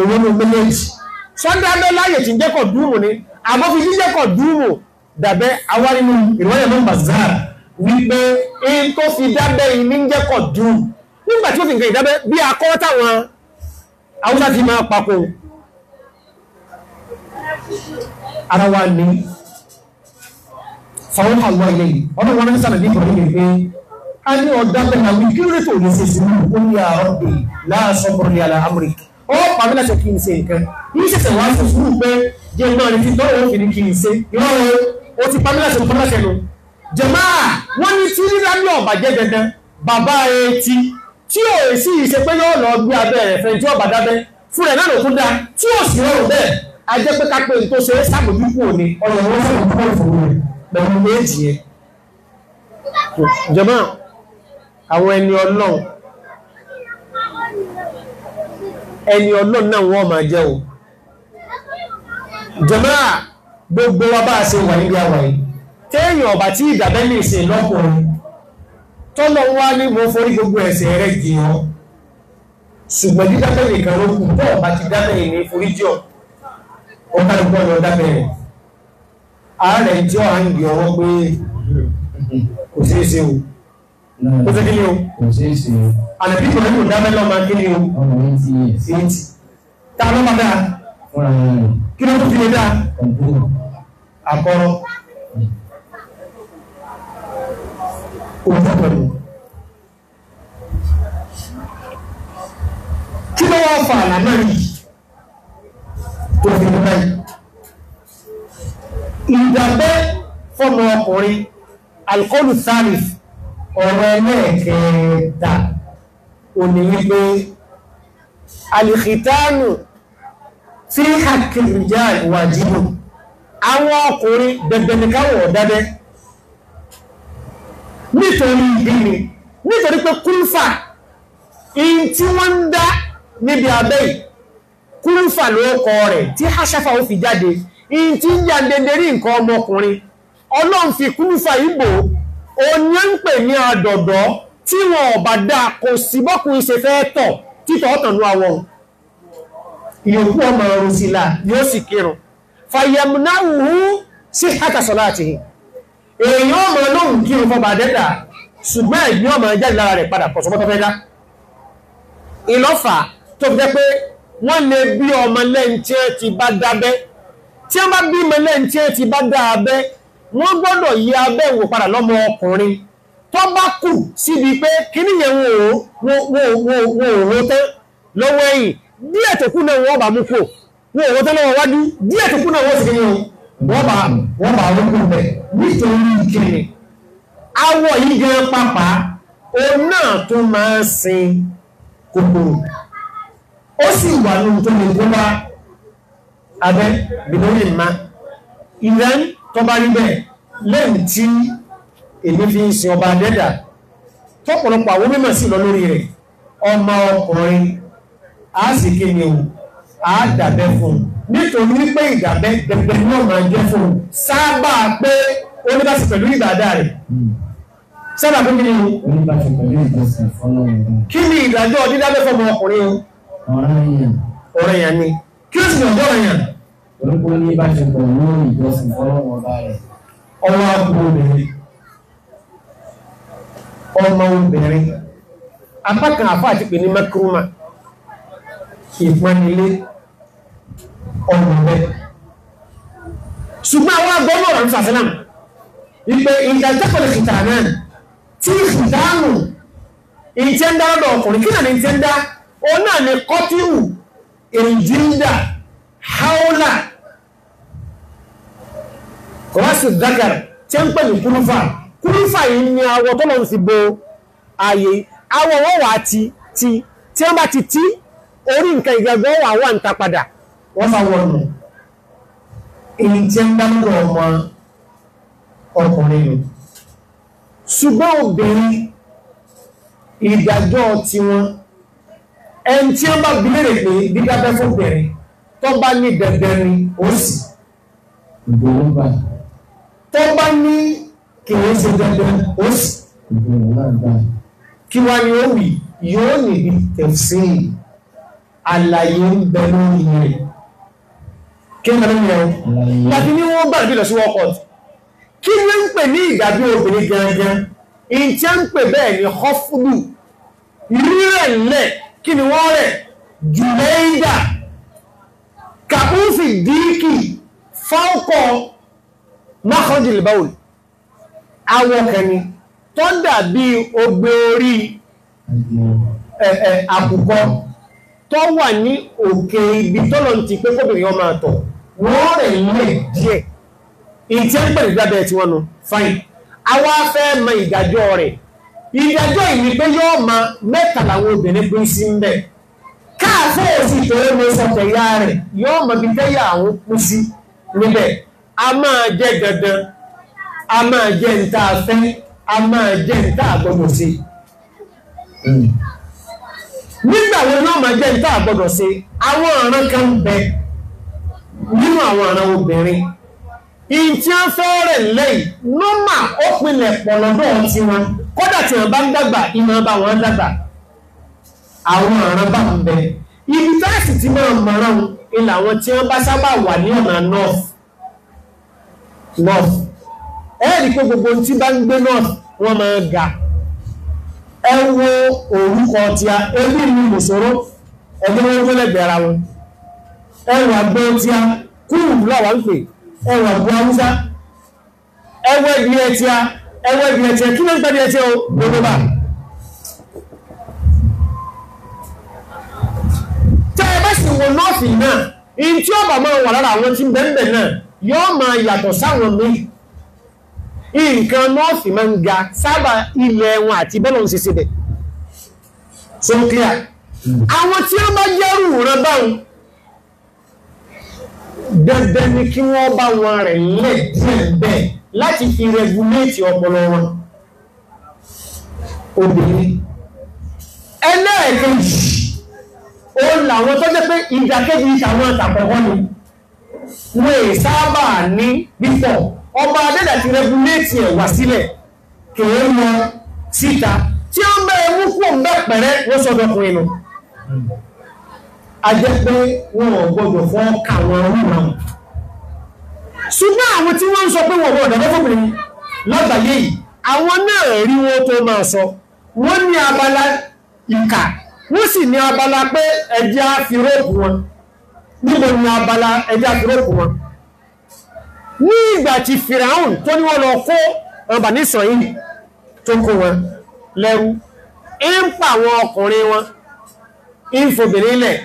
èwo ni méjèèjì sọ́ńdàbẹ́ láàyè tí ń yẹ́kọ̀ dúrùmù ni àmọ́ fi ń yẹ́kọ̀ dúrùmù dàbẹ́ awárí nínú ìrọ̀lẹ́ mọ́ bazar wípé in tó fi dábẹ́ yìí ní ń yẹ́kọ̀ dúrùmù nígbà tí ó fi nǹkan ìdábẹ́ bí akọ́ táwọn haúsá ti máa papọ̀ ara wa ni fàwọn àlọ́ ilé yìí ọdún wọn ní sàlẹ̀ nípa ìyẹn pé a ní ọ̀dà bẹ́ẹ̀ wí kí ló tó ní ṣe sí ó ní àárọ̀ pé láàṣọ kọrin ní àlà amúrí ó pàmí láṣẹ kí n ṣe nǹkan ní ṣẹ̀ṣẹ̀ wàá ṣe sùúrù pé jẹ́ náà ní fi dọ́wọ́ òfin ní kí n ṣe ìrọ̀rùn ó ti pàmí láṣẹ pàmí láṣẹ lọ. jẹ̀má wọ́n ní tí rírá ní ọ̀bàjẹ́ dandan bàbá etí tí ò sì ṣe yóò lọ gbé abẹ́ rẹ̀ fẹ́ tí ọ̀bà dábẹ́ fún rẹ̀ pẹ̀lú méjì yẹn jọmọ́ àwọn ẹni ọlọ́run ẹni ọlọ́run náà wọ́n máa jẹ́ o jọmọ́ gbogbo wa bá ṣe wà níbi àwà yìí téèyàn ọ̀bà tí ìdàbẹ́ lè ṣe lọ́kùnrin tọ́lọ wá ní mo forí gbogbo ẹ̀ṣẹ̀ rẹ̀ jìyàn ṣùgbọ́n dídábẹ́ nìkan ló kù bọ́ọ̀ bá ti dábẹ́ ìní forí jọ ọ̀kadùnkọ́ ni ọ̀dábẹ́ rẹ̀ ààrẹ tí ó hàn gbé ọwọ́ pé kò ṣeé ṣe o kò ṣe kí ni o kò ṣeé ṣe o àlẹ́bí kò ní kò dá mẹ́lọ́ máa kí ni o ọmọ eighty eighty tá a lọ́ máa dáa kí ló tó fi lè dáa àkọ́rọ́ òótọ́ pẹ̀lú. kí ló wá fa àlànà yìí tó fi lè báyìí ìdàgbẹ́ fọ́mọ ọkùnrin alkọ́lù sáàlìf ọ̀rọ̀ ẹlẹ́ẹ̀kẹta òní wípé alìkìtánù tí àkìrìjà ìwàjìbò àwọn ọkùnrin dẹ̀dẹ̀nìkáwọ̀ dábẹ́ nítorí ìdíni nítorí pé kúlfà in tí wọ́n ń dá níbi abẹ́ kúlfà ló kọ rẹ̀ tí hásáfà ó fi jáde in ti ń yàndẹ̀dẹ̀rí nǹkan ọmọkùnrin ọlọ́run fi kúlúfà ìbò oní ń pè ní àdọ̀dọ̀ tí wọn ò bá dáa kò sí bọ́kùnrin ṣe fẹ́ tọ̀ títọ̀ ọ̀tọ̀nú àwọn ìyókù ọmọ ọrùn sí la yóò sì kírun fàyẹ̀mùná wù sí àkàsọ̀ láti èèyàn ọmọ ọlọ́run kírun fọba dẹ́dà ṣùgbọ́n ẹ̀mí ọmọ ẹjẹ́ lára rẹ̀ padà pọ̀ sọ́kọ́tọ́ fẹ́ dá ìlọ́fà tó fi jẹ́ pé wọ́n lè bí ọmọ lẹ́yìn tí wọ́n ti bá dábẹ́ tí a bá bímọ lẹ́yìn tí ti bá dá abẹ́ wọ́n gbọ́dọ̀ yí abẹ́ wò padà lọ́mọ ọkùnrin tó bá kù síbi pé kíní yẹn wò ó wò ó tán lọ́wọ́ ẹ̀yìn díẹ̀ tó kù náà wọ́n bá mú kò wò ó lọ́wọ́ wájú díẹ̀ awọ yìí gan pápá òun náà tó máa ń sin kòkòrò ó abẹ́ bìlórí ìmá ìrẹ́ tọba níbẹ̀ lẹ́yìn tí èmi fi ń sin ọba adẹ́dà tọ́pọ̀lọpọ̀ àwọn mímọ̀ sí lọ lórí rẹ̀ ọmọ ọkùnrin a sì kí ni o a dàbẹ́ fún un nítorí wípé ìdàbẹ́ dẹ̀dẹ̀ náà máa jẹ́ fún un sábà pé oníbàṣẹ pẹ̀lú ìbàdà rẹ̀ sábà pé kí ni o oníbàṣẹ kí ni ìdájọ́ dídábẹ́ fọmọ ọkùnrin o ọ̀rẹ́ ni kí ó sì ọ̀dọ́ ọ̀rẹ́ orúkọ ní ìbáṣepọ̀ lórí ìjọsìn fọlọ́wọ́n ọba rẹ̀ ọwọ́ àpò obìnrin ọmọ obìnrin apá kan àpá àti pè ní mẹkúrúmà ìpanilé ọmọ rẹ ṣùgbọ́n àwọn agbọ́nà ọ̀rọ̀ ní sàfihàn ìpè ìdájọ́pẹ̀lẹ̀ kìtà náà tí ìdáhùn ìtẹ́ndá ọ̀dọ̀ ọkùnrin kí náà ní ìtẹ́ndá òun náà ní kọ́tíwù èrìndínlá haúlà rọ́ọ̀sì dákàr tí ń pè kúrúfà kúrúfà yìí ni awọ tó lọ́n fi bo ààyè awọ wọn wà ti ti tí wọ́n bá ti ti orí nǹkan ìgbàgbọ́ wà wà ń ta padà. wọ́n máa wọ̀ nù èyí tí ń dáńgọ̀ ọmọ ọkùnrin mi ṣùgbọ́n obìnrin ìdájọ́ tiwọn ẹni tí wọ́n bá bilérè pé dídábẹ́ fún obìnrin tó bá ní bẹ̀bẹ̀ ni ó sì. ìgbòho báyìí tó bá ní kìnìún ṣe dandan ó sì kí wá ni ó wì yóò níbi tẹ̀sí àlàyé ń bẹ lórí rẹ̀ kí ni ọdún yẹn láti ní wọ́n gbàdúrà lọ sí wọ́kọ̀t kí ni ń pè ní ìgbàgbé obìnrin gangan ìtí ń pè bẹ́ẹ̀ ni họ́fúdù rírẹ̀ ńlẹ̀ kí ni wọ́n rẹ̀ jùlẹ́ńdà kàkúfì díìkì fọ́ọ̀kọ̀ mákànjì lè báwò awọ kẹni tó dàbí ogbe orí àkùkọ tó wà ní òkè ibi tọ́lọ̀ ti pé kóbìnrin ọmọ àtọ̀ wọ́n rẹ̀ ilé díẹ̀ ìtí ẹ̀ pẹ̀lú gbábẹ́ tí wọ́n nu fine àwa fẹ́ mọ ìdájọ́ rẹ̀ ìdájọ́ ìní pé yóò ma mẹ́ta làwọn obìnrin pín sí ń bẹ̀ káàfẹ́ òsì tó ń mọ sọ̀tẹ̀ ya rẹ̀ yóò mọ bí tẹ́yà àwọn pín sí níbẹ̀ a máa jẹ́ dandan a máa jẹ́ níta fẹ́ a máa jẹ́ níta gbọ́dọ̀ sí hmm. nígbà wo náà máa jẹ́ níta gbọ́dọ̀ sí àwọn ọ̀ràn kan bẹ nínú àwọn ọ̀ràn obìnrin ìtí a lẹ́yìn nọ́mà ó pinlẹ̀ ti wọn kódà tí wọ́n bá ń dàgbà ìmọ̀ bá wọn dàgbà àwọn ọ̀ràn bá ń bẹ ibi ti máa mọ̀ràn ilà north ẹ̀ẹ́dì pé gbogbo tí bá ń gbé north wọ́n máa ga ẹ wo orúkọ tí a ebí ní mùsòrò ẹgbẹ́ wọn tó lẹ́gbẹ̀ẹ́ ara wọn ẹwà gbọ́ tí a kúrù láwà ń pè ẹwà bu haúsá ẹwẹ́ bí ẹ tí a ẹwẹ́ bí ẹ tí a kí ló ń gbádìí ẹ tí a ó gbogbo bá tẹ́ ẹ bá sì wo north náà in yóò máa yàtọ̀ sáwọn mí nǹkan nọ́ọ̀fì máa ń ga sábà ilẹ̀ wọn àti bẹ́lọ̀ ń ṣe ṣe bẹ̀ so clear àwọn tí wọ́n bá jẹ́rù rán báwọn dandan ni kí wọ́n bá wọn rẹ̀ lẹ̀ díẹ̀ bẹ́ẹ̀ láti fi rẹguléètì ọpọlọ wọn obìnrin ẹlẹ́ẹ̀kejì òun làwọn tó jẹ́ pé ìdàkejì ìṣàwọn àtàkọ̀kọ́ ni wọn èyí sábà ní bífọ̀ ọba adẹ́dà ti rẹguléètì ẹ̀ wá sílẹ̀ kìí lọ síta tí ó ń bẹ̀rẹ̀ mú fún òǹdà pẹ̀rẹ́ wọ́n sọ dọkùnrin nù. a jẹ́ pé wọn ò gbọdọ̀ fọ́ kàwọn ọ̀rùn náà ṣùgbọ́n àwọn tí wọ́n ń sọ pé wọ́n gbọdọ̀ lọ́fọ̀bìnrin lágbàáyé yìí àwọn náà rí wọn tó máa sọ wọ́n ní abala ìkà wọ́n sì ní abala pé ẹ̀jẹ̀ á fi róòpù wọn níbo ni abala ẹjẹ́ àgbẹ̀rọ̀kù wọn ní ìgbà tí firaun tó ní wọ́n lọ kó ọba ní Ísírẹ́lì tó kó wọn lẹ́rú ń pa àwọn ọkùnrin wọn ń fòbìnrin lẹ̀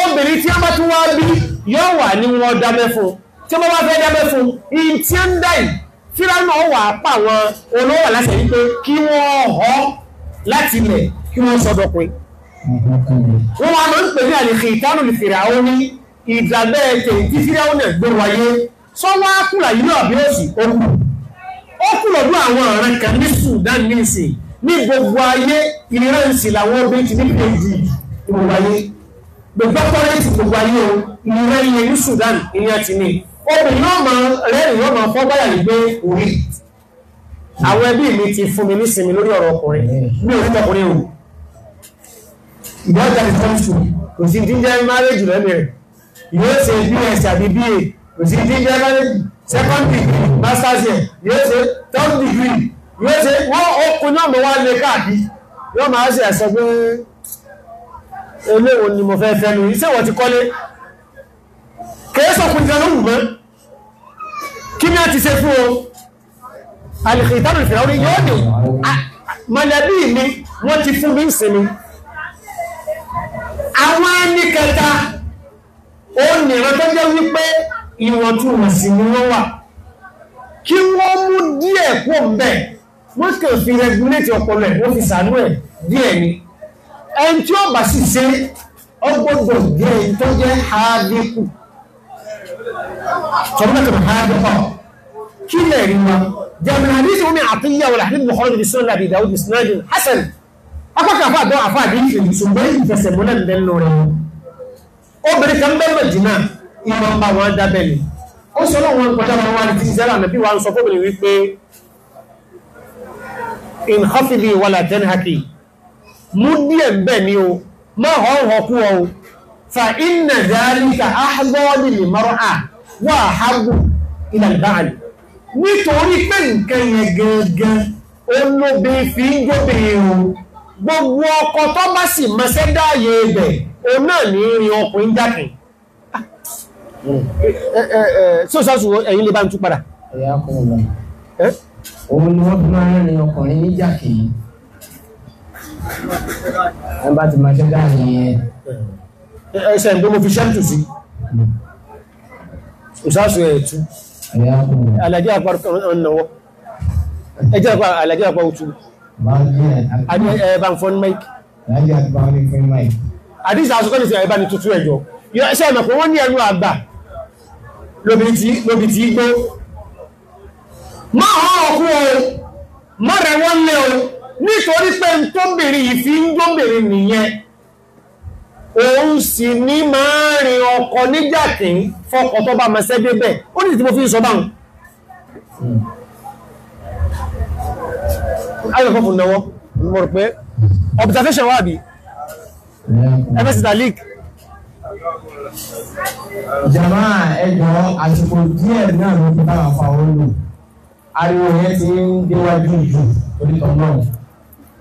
obìnrin tí a bá tún wá bí yóò wà ní wọn dábẹ́ fún tí wọ́n bá fẹ́ dábẹ́ fún ìyìn tí ń dá yìí firaun wà pa àwọn olówó láti ẹni pé kí wọ́n họ láti ilẹ̀ kí wọ́n sọdọ̀pin wọ́n wá máa ń pè ní àlèkè ìtánù ìfìrà ó ní ìdàgbẹ́ tèyí fíráúnẹ̀ gbóró ayé sọ́wọ́ ákùlà yìí náà bí ó sì okù ó kù lọ́dún àwọn ọ̀ràn kan ní Sudan nísìn ní gbogbo ayé ìnira ń sì làwọn obìnrin ti ní phd gbogbo ayé gbogbo ọpọlẹ́tì gbogbo ayé o ìnira iye ní Sudan ìnira ti ní obìnrin náà máa rẹ́rìn náà máa fọ́ báyà ní gbé orí àwọn ẹbí mi ti fún mi nísinmi lórí ọ̀rọ̀ ọkùnrin mi ò fún ọkùnrin o ìdájà ìfọ́nṣù kò yóò ṣe bs àbí ba kò sí ní jẹ́mẹ́rẹ́jì second degree masters yẹn yóò ṣe third degree yóò ṣe wọ́n okun náà mọ̀ wá lé káàdì yóò máa ṣe ẹ̀sẹ̀ pé eléwo ni mo fẹ́ fẹ́ nu iṣẹ́ wọ́n ti kọ́lé kèé sọkùnrin kan ló wù mọ́ kí ni a ti ṣe fún o alìkìtàbí ìfìràwọ́rí yóò ní mọ̀lẹ́bí mi wọ́n ti fún mi ìsinmi àwọn ẹni kẹta ó nìran tó jẹ́ wípé ìwọ̀ntúnwọ̀nsì ni wọ́n wà kí wọ́n mú díẹ̀ kó bẹ̀ wọ́n kàn fi regulate ọpọlọ ẹ̀ wọ́n fi sàánú ẹ̀ díẹ̀ ni ẹni tí ó bá sì ṣe ọgbọ́dọ̀ díẹ̀ tó jẹ́ háàdínkù sọ̀rọ̀mọ́tò háàdínkù kí lẹ̀ rí wa jẹ́mìnàdí sí omi àtúnyà wọlé àti mọ̀kànlá di obìnrin kan bẹ́ẹ̀ mẹ́jìnà ìmọ̀ bá wọn dábẹ́ ni ó sọ lọ́wọ́n kọjá wọn wọ́n ti zẹ́rà nàbí wọn sọ fóbìnrin wípé in hafili wala tenhaki mú díẹ̀ bẹ́ẹ̀ ni o má hàn kú ọ fa inna dhalika ahgọ́ọ̀dì lè mọ́rọ̀ à wà hágù ilal baal nítorí pé nǹkan yẹn gangan olóbi fi ń jóbe o gbogbo ọkọ tó bá sì mọ́sẹ́ dáàyè o náà ní rin ọkùnrin jáde tí ó sáàsù ẹ̀yìn lè bá ń tú padà. òun ni wọ́n fi máa ń rin ọkùnrin ní jàkè yìí ẹ bá ti máa ṣe dáhùn yẹn. ẹsẹ̀ ń bọ́ mo fi ṣẹ́ǹtù sí ìsáàsù ẹ̀ tú alàjẹ́ àpá ọ̀nàwọ́ ẹjẹ́ àpá alàjẹ́ àpá òtù. bá ń fọ́n mike. alàjẹ́ àpá òtù mike àdíṣà aṣọ́kọ́ ní ìsìnkà ìbáni tuntun ẹjọ́ iṣẹ́ ọ̀nà fún wọ́n ní ẹnu àgbà lóbi tí gbó máa hàn ọkú o mọ́rẹ̀ wọ́n lé o nítorí pé ń tó bèèrè ìfí ń tó bèèrè nìyẹn òun sì ní máa rin ọkọ̀ níjàkí fọkọ̀ tó bá mẹsẹ́ débẹ̀ ó ní tí mo fi ń sọ báhùn ayọ̀kọ̀ fún náwọ́ mo rò ẹ fẹ́ sita league. jama ẹjọ àsìkò díẹ̀ náà ló fi bá àfa olú ariwo yẹn ti ń déwájú jù onítọ̀ náà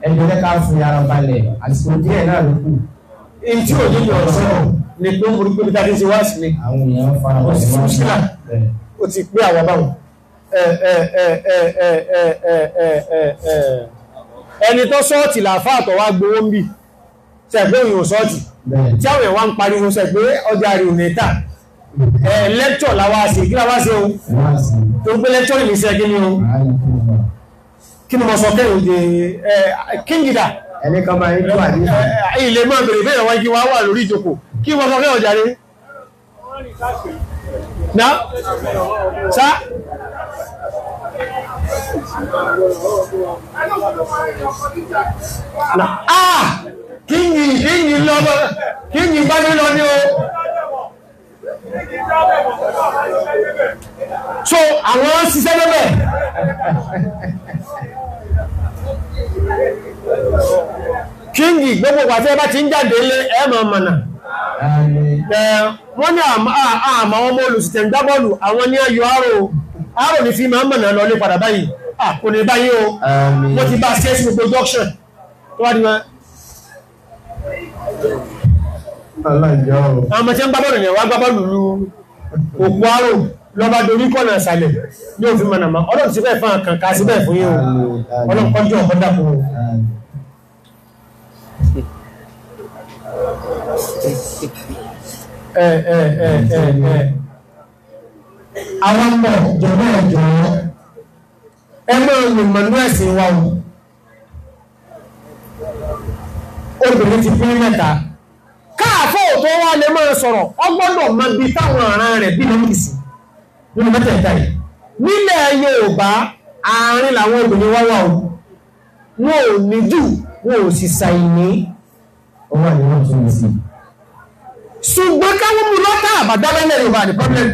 ẹjọ lẹ́ka fi ara balẹ̀ àsìkò díẹ̀ náà ló kù. èyí tí òye yọ sọ̀rọ̀ ni pé mo rí pé bíi dáadé ṣe wá sí mi. àwọn èèyàn fara wọn sí wọn sílà o ti pé àwọn báwọn ẹni tó sọ́ọ̀tì làáfàá àtọ̀wá gbowó ń bì tẹ̀gbẹ́ òyìn òsọ́ọ̀tì tí àwọn ẹ̀wà ń pariwo sẹ pé ọjà rí òní tà ẹ̀ lẹ́tọ̀ làwa ṣe kí làwa ṣe o tó gbé lẹ́tọ̀ ìlú kí ni o kí ni mo sọ kẹ́yìn òde ẹ̀ kíngìdà ẹni kan máa ń tó àdéhùn ilé máa bèrè bẹ́ẹ̀ wáyé wá wà lórí ìjòkó kí mo sọ kẹ́yìn ọjà rí na ah kí yìn kí yìn lọ kí yìn bá nílọ ní o. so àwọn ń ṣiṣẹ́ lọ́bẹ̀. kíngì gbogbo pàtí ẹ bá ti ń jáde ilé ẹ mọ̀ mọ̀nà wọ́n ní àmà ọmọ olùsìtẹ̀ǹdábọ́ọ̀lù àwọn ní ayò àrò àrò ní fi máa mọ̀nà lọ ní padà báyìí kò ní báyìí o wọ́n ti bá ṣe é sí gbogbo junction tó wá di wọn ọmọ tí ń gbá bọ́ọ̀lù yẹn wá gbá bọ́ọ̀lù lu òpó arò lọ́ba dorí kọ́nà ìsàlẹ̀ ní òfin mọ̀nàmọ́ ọlọ́run ti bẹ́ẹ̀ fún àkàn ká síbẹ̀ fún yín o ọlọ́run kọ́jú ọ̀kọ́ dàpọ̀ o. ẹ ẹ ẹ ẹ ẹ àwọn ọmọ jọ̀wọ́ ẹ̀jọ̀ ẹ máa lò mọ̀ ní ẹ̀sìn wa o. obìnrin ti fún mẹ́ta káàfọ́ tó wá lè máa sọ̀rọ̀ ọgbọ́dọ̀ máa bí táwọn ará rẹ̀ bí lọ́wọ́ ìsì nínú mẹ́tẹ̀ẹ̀ta yìí nílẹ̀ Yorùbá àárín làwọn obìnrin wá wà wọn ò ní jù wọn ò sì ṣàìní ọwọ́ àdéhùn tó ní sí. ṣùgbọ́n káwọn mú lọ́tà àbádábẹ́lẹ̀ Yorùbá ní problem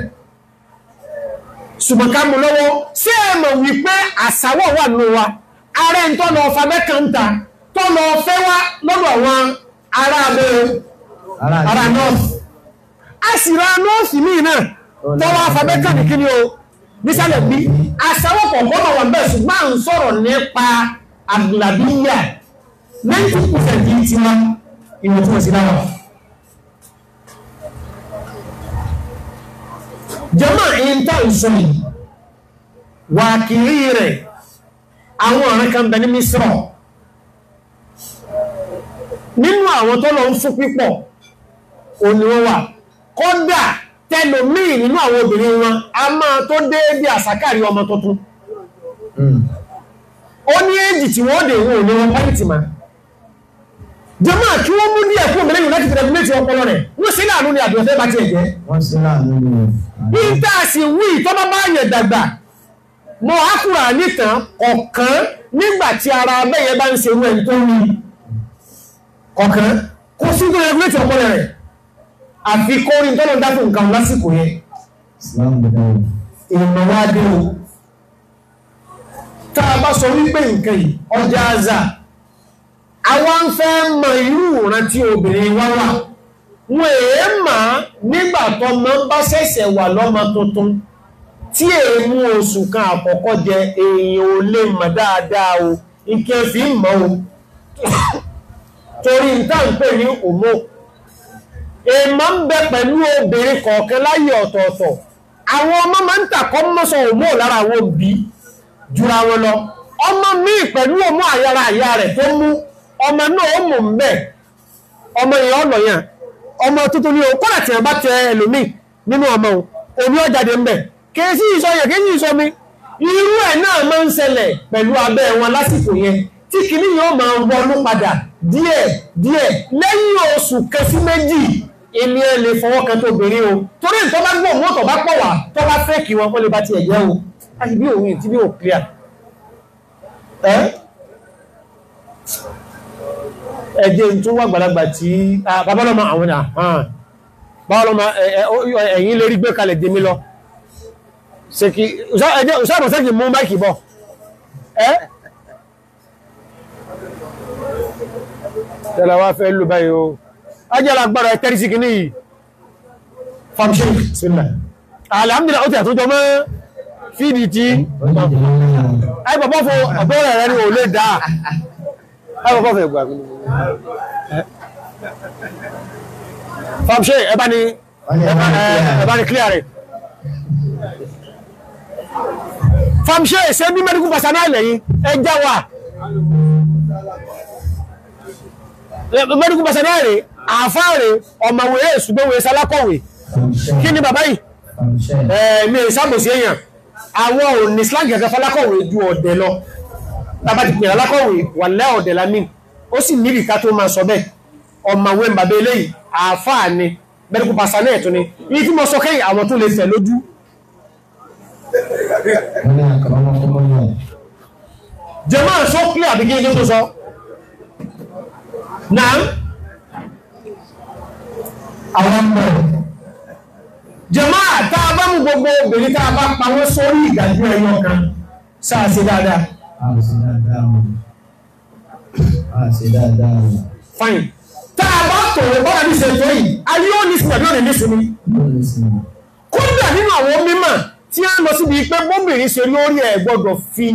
ṣùgbọ́n ká mú lọ́wọ́ ṣé ẹ mọ̀ wípé àṣàwọ̀ wà nínú wa ààrẹ ń tọ́nà ọ̀fà mẹ́kàn ń ta tó lọ fẹ́ wá lọ́dọ̀ àwọn ará abẹ́ ara nọ́ọ̀sì a sì ra nọ́ọ̀sì míì náà tó wá fàbẹ́ kàn ní o nísàlẹ̀ bí àṣàwọ̀ kọ̀ọ̀kan náà wà bẹ́ẹ̀ ṣùgbọ́n à ń sọ̀rọ̀ nípa àgbàdúyà ninety ti wá ìwọ̀ntúnwọ̀nsí náà wà. jama ìntà wà kìí rẹ̀ àwọn ọ̀rẹ́ kan bẹ ní mísírọ̀ nínú àwọn tọ́lọ ń fún pípọ̀ òní wọn wà kódà tẹlòmíì nínú àwọn obìnrin wọn a máa tó déédé àsákàrí ọmọ tuntun hmm. ó ní èjì tí wọ́n dè wọn òní wọn pálítì máa jẹmọ́ kí wọ́n mú ní ẹ̀kún mi lẹ́yìn láti tẹ̀lé méjì ọpọlọ rẹ̀ wọ́n sí láàánú ni àdúrà bá tiẹ̀ jẹ́. wọ́n sí láàánú ni. sì bá yẹn dàgbà ọ̀kan kó sí tó rẹ̀gúlẹ̀tì ọ̀pọ̀lẹ̀ rẹ̀ àfi kó rí tọ́lọ̀ dákùn nǹkan lásìkò yẹn ìmọ̀ wá dé o tá a bá sọ wípé nǹkan yìí ọjà àzà àwa ń fẹ́ mọ irú ìrántí obìnrin wá wà tuntun tí oṣù kan àkọ́kọ́ jẹ èèyàn ò lè mọ̀ dáadáa o nǹkan fi ń o torí ìtàǹpẹ̀ ní e èèmọ̀ ń bẹ pẹ̀lú obìnrin kọ̀ọ̀kan láyé ọ̀tọ̀ọ̀tọ̀ àwọn ọmọ máa ń tàkọ́ mọ́sọ̀ òmò lára àwọn òbí jura wọn lọ ọmọ míì pẹ̀lú òmò àyàrá àyà rẹ̀ tó mú ọmọ náà ó mò ń bẹ̀ ọmọ yẹn ọ̀nà yẹn ọmọ tuntun ni o kọ́lá tí wọ́n bá tẹ ẹlòmíì nínú ọmọ ń bẹ̀ yẹn tí kìnnìyàn máa wọnú padà díẹ̀ díẹ̀ lẹ́yìn oṣù kan sí méjì ilé ẹ lè fọwọ́ kan tó bèrè o torí ìtọ́ bá gbọ́ mọ́tò bá pọ̀ wá tọ́ bá fẹ́ kí wọn kọ́ lè bá ti ẹ̀jẹ̀ o àti bí òun ìtí bí ò clear ẹ ẹ̀jẹ̀ tó wà gbàlagbà tí babalọ́mọ àwọn náà babalọ́mọ ẹ̀yìn lè rí gbé kalẹ̀ dé mi lọ ṣèkì ọ̀sán ọ̀sán kì í mú máìkì bọ̀ ẹ́ tẹ́lá wá fẹ́ ló báyìí o ajára agbára ẹ̀tẹ́rì sí kìíní yìí fàmṣẹ́ sílẹ̀ alhamdulillah ó ti àtúnjọ mọ́ fídì tí ẹ bàbá fún ọ̀bẹ rẹ̀ ni ò lè dá ẹ bàbá fún ẹgbàá fàmṣẹ́ ẹ bá fàmṣẹ́ ṣe mẹ́rin kú fàṣánà lẹ́yìn ẹ já mẹ́dùkú pàṣẹdá rè àáfàá rè ọ̀mọ̀wé ṣùgbọ́n sálákọ̀wé kí ni bàbá yìí mi ì sàmùsí èèyàn àwọn ò ní síláàgì kankan fọlákọ̀wé ju ọ̀dẹ̀ lọ bàbá ti pèrè alákọ̀wé wà lẹ́ ọ̀dẹ̀ lámì ó sì níbi ká tó máa sọ bẹ́ẹ̀ ọ̀mọ̀wé ń bàbá eléyìí àáfàá ni mẹ́dùkú pàṣẹdá ẹ̀tún náà àwọn ọmọ jàmáà tá a bá mú gbogbo obìnrin tá a bá pa wọ́n sórí ìdájú ẹyọ kan sáà sí dáadáa. fine tá a bá tò ó bọ́dà bí ṣe tó yìí ayé ó ní sinmi àbí ó ní ní sinmi kódà nínú àwọn mímọ̀ tí a lọ síbi pé bóbìnrin ṣe lórí ẹ̀ gbọ́dọ̀ fi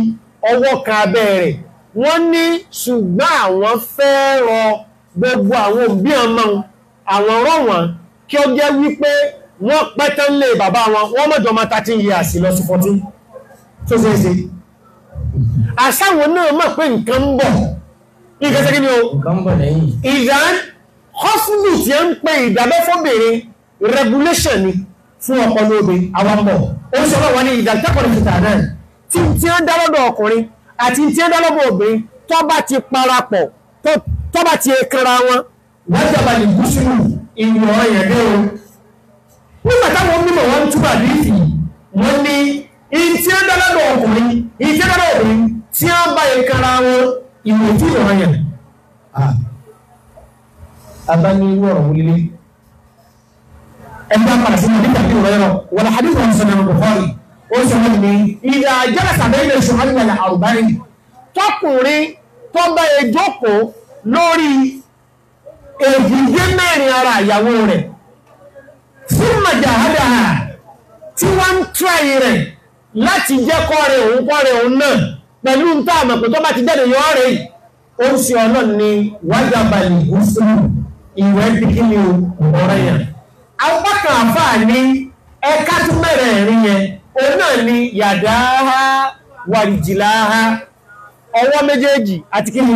ọwọ́ ka abẹ́ rẹ̀ wọ́n ní ṣùgbọ́n àwọn fẹ́ rọ gbogbo àwọn òbí ọmọ àwọn rọ̀ wọ́n kí ó jẹ́ wípé wọ́n pẹ́tẹ́ lè bàbá wọn wọ́n mọ̀jọ ma 13 years lọ sí 14 tó ṣe é ṣe àṣàwọn náà mọ̀ pé nǹkan ń bọ̀ nǹkan ṣe kí ni o ìdá hospital tí ó ń pè ìdábẹ́ fọ́bìnrin regulation ni fún ọpọlọ obìnrin àwọn ọmọ ó sọ fún wa ní ìdá tẹ́kọ̀ọ́ ní kìtà náà tí ó ń dá lọ́dọ̀ ọkùnrin àti tí ó dọ́lọ́bọ̀ obìnrin tó bá ti parapọ̀ tó bá ti kanra wọn. wọ́n jọba lè kú sínú ìwọ̀ ẹ̀dẹ́ o nígbà táwọn mímọ̀ wọn túbà nífì wọ́n ní ìtí ó dọ́lọ́bọ̀ ọkùnrin ìtí ó dọ́lọ́bọ̀ obìnrin tí ó bá yẹ kanra wọn ìwọ̀ tí ìwọ̀ yẹn. abáníwọ̀ ọ̀rọ̀ wọlé ẹgbẹ́ apàdásí ní ìdíkàtí ìwọ̀ yẹn lọ wọ́n oṣù mi ìyá jẹ́rẹ̀sàbẹ́ ilé oṣù àríwẹ̀lẹ̀ àrùbáyìn tọkùnrin tó bá e jókòó lórí èbúgbé mẹ́rin ara ìyàwó rẹ̀ fún màjàhádà tí wọ́n ń tíráì rẹ̀ láti jẹ́ kọ́rẹ̀ òun kọ́rẹ̀ òun náà pẹ̀lú ń tà àmọ̀pẹ̀ tó bá ti jáde yọ rẹ̀ ó ń ṣe ọ̀nà ni wájàbalì gúúsùn ìwẹ́ bí kí ni ọ̀rẹ́ yẹn. àwọn bákan àfáà ní ẹ̀ka tún mẹ́rẹ̀ẹ̀rin yẹn òun náà ni yàdáhá wàrìjìláhá ọwọ́ méjèèjì àti kí mú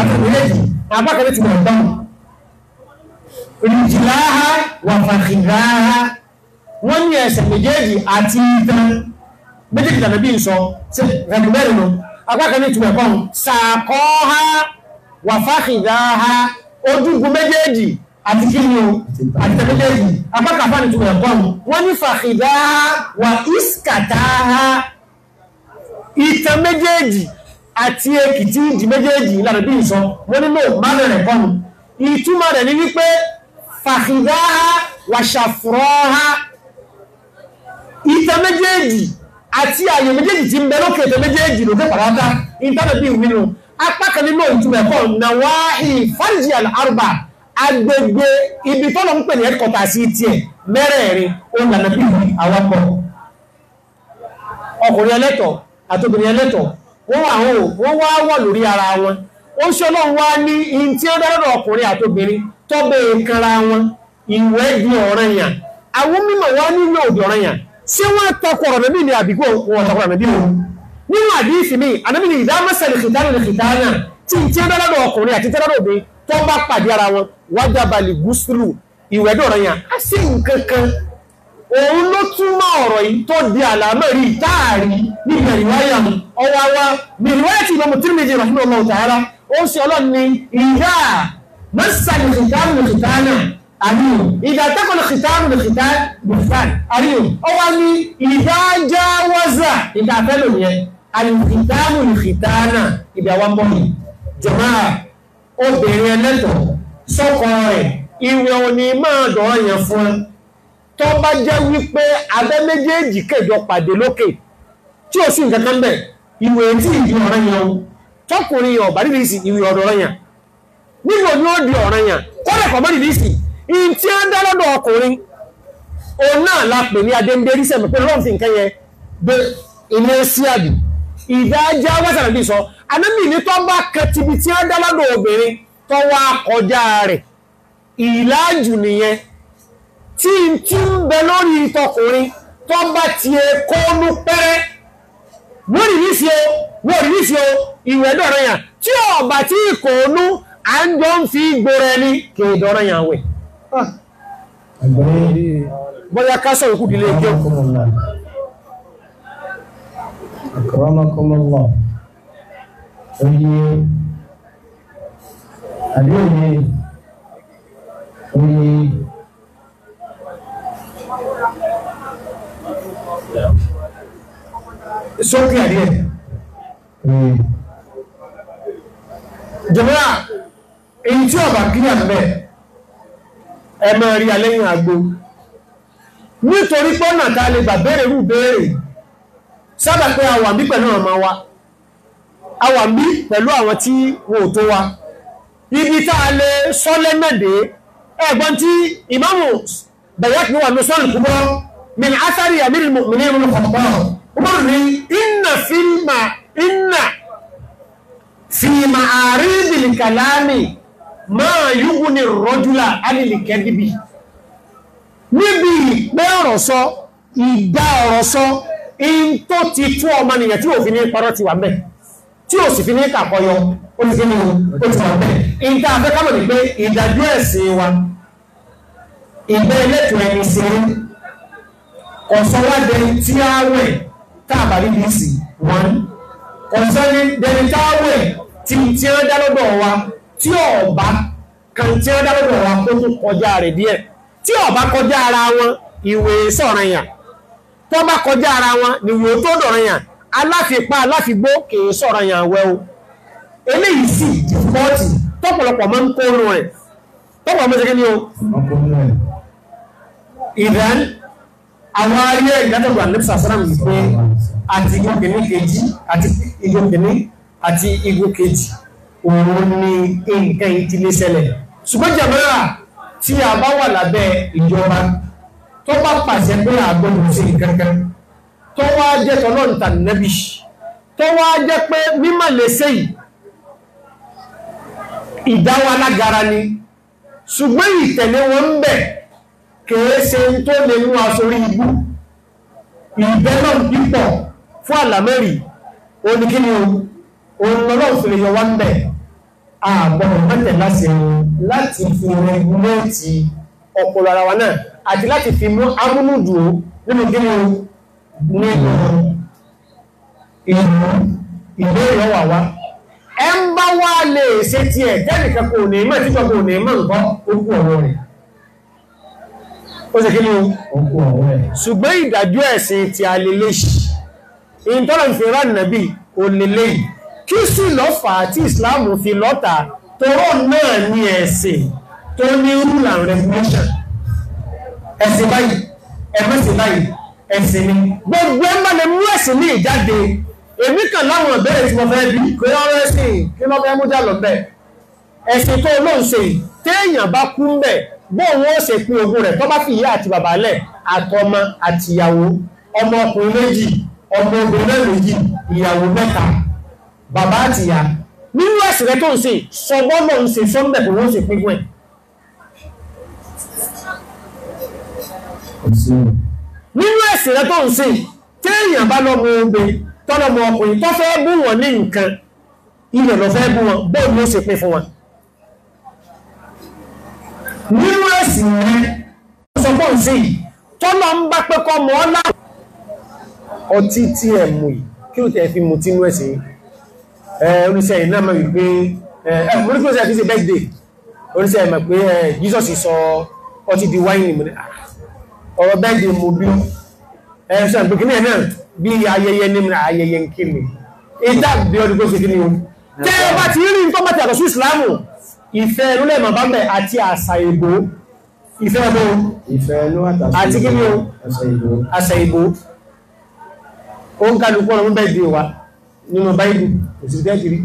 àti méjèèjì abákanẹ́ ti wọ̀n dán rìjìláhá wàfàkìláhá wọ́n ní ẹsẹ̀ méjèèjì àti ìtàn méjèèjì tàbí bí sọ sí rẹ̀mùbẹ́rẹ̀ lọ abákanẹ́ ti wọ̀n sàkọ́há wàfàkìláhá ojúgun méjèèjì àti kí ni o àti tẹ̀lẹ́lẹ́yìn apákàfà ní túnbọ̀ ẹ̀kọ́ mu wọ́n ní fàkìdá wà ìskàtà ìtàn méjèèjì àti èkìtì ìdí méjèèjì ìlànà bí ìsọ wọ́n nílò mánà rẹ̀ kọ́nu ìtumọ̀ rẹ̀ ní wípé fàkìdá wà ṣàfùrọ̀ ìtàn méjèèjì àti àyè méjèèjì ti ń bẹ lókè ètò méjèèjì lókè pàdátá ìtàn bí nínú apá nínú ìtumọ̀ ẹ̀kọ́ agbègbè ibi tọ́lọ̀ ń pè ní ẹ́kọ̀tà sí tí ẹ̀ mẹ́rẹ̀ẹ̀rin òun lànà bí àwapọ̀ ọkùnrin ẹlẹ́tọ̀ àtòbìnrin ẹlẹ́tọ̀ wọ́n àwọn wọ́n wá wọ̀ lórí ara wọn ó ṣe ọlọ́run wá ní in tí ó dárọ̀ ọkùnrin àtòbìnrin tọ́bẹ̀ kanra wọn ìwẹ́ di ọ̀ràn yàn àwọn mímọ̀ wá mi nínú àdífì mi ànábì ni ìdámẹ́sẹ̀ lè kìtánà lè kìtánà tí tó bá pàdé ara wọn wájà balẹ̀ gúúsùlù ìwẹ́dọ̀rọ̀ yẹn á sí nǹkan kan òun ló túmọ̀ ọ̀rọ̀ yìí tó di àlámẹ́rí táàrí ní ìrìnwáyà mi ọwọ́ wa ìrìnwáyà ti Imam Tirmidhi rahimahullah ta'ala ó ń ṣe ọlọ́run ní ìyá mẹ́sàn-án ìṣìkàmù ìṣìkàmù àríyò ìdá tẹ́kọ̀ọ́ ìṣìkàmù ìṣìkàmù bùfàn àríyò ọwọ́ ní ìdá jáwọ́zà ìdá fẹ́lò yẹn àríyò ìṣìkàmù ìṣìkàmù ìbí àwọn bọ́ọ̀lù jọ̀máà obìnrin ẹlẹ́tọ̀ sọ́kọ rẹ̀ ìwẹ̀ òní máa dọ̀rọ̀ yẹn fún ẹ tó bá jẹ́ wípé abẹ́ méjèèjì kẹjọ pàdé lókè tí ó sì ń kankan bẹ̀ ìwẹ̀ tí ìdí ọ̀rọ̀ yẹn o tọkùnrin ọ̀bá rírìsì ìwẹ̀ ọ̀dọ̀rọ̀ yẹn nígbà ní ó di ọ̀rọ̀ yẹn kọ́lẹ̀ kọ́ mọ́ rírìsì ìyìn tí a ń dá lọ́dọ̀ ọkùnrin òun náà la pè ní adéǹdérísẹ̀ pẹ̀lú ọ̀fìn kẹyẹ ilé sí ìdájá wásàlẹ̀ bí sọ anábì ní tó bá kan tibi tí wọ́n dá lọ́dọ̀ obìnrin tó wá kọjá rẹ̀ ìlàjù nìyẹn tí n ti ń bẹ lórí ìtọkùnrin tó bá ti kó nú pẹ́rẹ́ wọ́n rí níṣe o wọ́n rí níṣe o ìwẹ̀ dọ̀rọ̀ yàn tí ọ̀bà tí kò nú à ń jọ ń fi gbòòrò ẹni kì í dọ̀rọ̀ yàn wẹ̀. Ah. bóyá ká sọ̀rọ̀ kú akramakumullah oyè àdéhùn oyè sókè àdéhùn oyè jọba èyí tí ọba kíni àbẹ ẹ máa rí alẹ́yìn àgbo nítorí pọ́nà tá a lè gbà béèrè rú béèrè sábà pé a wà bí pẹ̀lú ọmọ wa a wà bí pẹ̀lú àwọn tí wò tó wa ibi tá a lè sọ́lẹ̀ mẹ́dẹ̀ ẹ̀gbọ́n tí ìmáàmù bẹ̀yàkì wà ní sọ́lẹ̀ kúbọ́ min asari amir mu'minin mun kọ̀ọ̀kọ́ níbi ìpẹ́ ọ̀rọ̀ sọ ìdá ọ̀rọ̀ sọ in tó ti tú ọmọnìyàn tí ò fi ní parọ́ ti wà mẹ́ tí ò sì fi ní kàkọyọ olùfẹ́ni ó ti wà mẹ́ in tá a fẹ́ kámọ̀ ní pé ìdájọ́ ẹ̀sìn wa ìgbẹ́ ẹlẹ́tọ̀ ẹni ṣeré ọ̀sánwádẹ tí a wẹ̀ káàbàrí bí sí wọn ọ̀sánwádẹ tí a wẹ̀ tí tí a dá lọ́dọ̀ wa tí ọ̀bá kan tí a dá lọ́dọ̀ wa ó tún kọjá rẹ̀ díẹ̀ tí ọ̀bá kọjá ara wọn ìwé sọ̀rọ̀ yàn tó bá kọjá ara wọn nìwò tó dọ̀rọ̀ yàn aláfipá aláfigbó kìí sọ̀rọ̀ yàn wẹ́ o eléyìí sì pọ́ọ̀tì tọ́pọ̀lọpọ̀ máa ń kó nù rẹ̀ tọ́pọ̀ mẹ́sẹ̀ kí ni o ìdán àwọn ayé ìdádọ́gbà nípsà sára mi pé àti igun kìíní kejì àti igun kìíní àti igun kejì òun ni nǹkan ìdílé ṣẹlẹ̀ ṣùgbọ́n jàmọ́ra tí a bá wà lábẹ́ ìjọba tó bá pàṣẹ pé àgbọ̀dọ̀ sí ìkẹ́kẹ́ tó wá jẹ́ tọ́lọ́ǹtà nẹ́bí tó wá jẹ́ pé mímọ̀ lè ṣe yìí ìdáwọ́ alágara ni ṣùgbọ́n ìtẹ̀lé wọn ń bẹ̀ kìí ṣe tó lè mú aṣorí ibú ìbẹ́lọ̀ pípọ̀ fún àlàmẹ́rì oníkíni ohun lọ́lọ́run yọ wá ń bẹ̀ àgbọ̀dọ̀ àti láti fi mú amúnúdù ó nínú gínú nínú ìlú ìbéèrè wà wá ẹ ń bá wá lè ṣe ti ẹ̀ tẹ́nìkan kò ní mọ̀ títọ́ kò ní mọ̀ nǹkan orúkú ọ̀rọ̀ rẹ̀ ó ṣe kí ni orúkú ọ̀rọ̀ rẹ̀ ṣùgbọ́n ìdájọ́ ẹ̀sìn ti alẹ́lẹ́ṣì ìtọ́lọ̀ fi rán nàbí onílẹ́yìn kí sì lọ́fà tí Islam fi lọ́ta torọ́ náà ní ẹ̀sìn tó ní rule and regulation ẹ̀sìn báyìí ẹ̀mẹ́sìn báyìí ẹ̀sìn mi gbogbo ẹ̀ máa lè mú ẹ̀sìn ní ìjáde èmi kàn láwọn ìbéèrè tí mo fẹ́ bí kò yọ ọ̀rọ̀ ẹ̀sìn kí ló fẹ́ mú jà lọ́bẹ̀ ẹ̀sìn tó lóun ṣe téèyàn bá kú ń bẹ̀ bóun ó ṣe pín ogún rẹ̀ tó bá fi ìyá àti bàbá lẹ̀ àtọmọ àtìyàwó ọmọ ọkùnrin méjì ọmọ obìnrin náà méjì ìyàwó mẹ́ta bàbá àtìyá nínú ẹ̀sìn rẹ̀ tó ń ṣe sọgbọ́n náà ń ṣe sọ́ńdẹ̀ kò wọ́n ṣe pín ogún ẹ̀ nínú ẹ̀sìn rẹ tó ń sìn tí èèyàn bá lọ́mọ obìnrin tọ́lọ́mọ ọkùnrin tó fẹ́ bù wọ́n ní nǹkan ilẹ̀ lọ fẹ́ bù wọ́n bóun ló ṣe pín fún wọn nínú ẹ̀sìn rẹ tó sọ pọ̀ ń tọ́lọ́ ń bá pé kọ́ mọ́ ọ́lá ọtí tí ẹ̀ mú yìí kí ló tẹ̀ fi mú tínú ẹ̀sìn ẹ̀ oníṣẹ́ ìná mọ̀ wípé ẹ̀ mo ní kí ló ṣe àfihàn oníṣẹ́ ìmọ̀ pé Jesus sọ ọtí di wáìnì mo ní àá ọ̀rọ̀ bẹ́ẹ̀dì mú bí ẹ̀ṣẹ́ ìpìnkínlẹ̀ náà bí ayẹyẹ ní ayẹyẹ kíni ìdá bí ọdún tó fi kíni o tẹ́ ẹ bá ti rí nǹkan bá ti àtọ̀ sí ìsìláàmù ìfẹ́ ẹlúlẹ̀ màbá mẹ́ àti àṣà ìbò ìfẹ́ ọmọ àti kíni o àṣà ìbò ó ń kálukú ọ̀rọ̀ bẹ́ẹ̀dì wa nínú báyìí kò sí bẹ́ẹ̀dì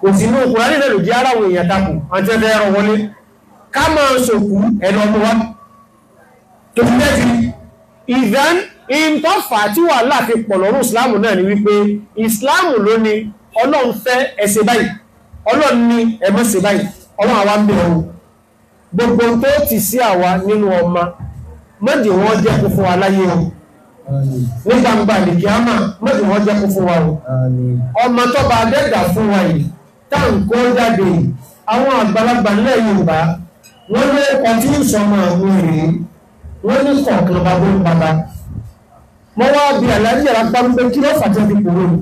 kò sí inú òkúra nílẹ̀ lòdì aráwọ̀ èèyàn takù àti ẹ̀fẹ́ ẹ̀rọ wọlé ká máa sòkú ẹ̀rọ ọmọ wa tó ti jẹ́ ti ìdán ìntọ́fà tí wà láàfin pọ̀ lọ́rùn ìsìláàmù náà ni wípé ìsìláàmù ló ni ọlọ́run fẹ́ ẹ̀ṣẹ̀ báyìí ọlọ́run ni ẹ̀mọ́ṣẹ̀ báyìí ọlọ́run àwa ń bẹ̀ ọ́n gbogbo tó ti sí àwa nínú ọmọ mọ́dì wọ́n jẹ́ kó fún wa láyé o ní gbangba nìkí á mà mọ́dì wọ́n jẹ́ kó fún wa ọmọ tó bá dẹ́gbà fún wa yìí táǹkó jáde àwọn àgbàlagbà nílẹ̀ Yorùbá wọ́n lé ọtí ìsọmọ àwọn èèyàn wọ́n ní kọ̀ọ̀kan bá bó ń bàbá wọ́n wá bí àlàyé àgbàrú pé kí lọ́fà tẹ́ fi kúrò ní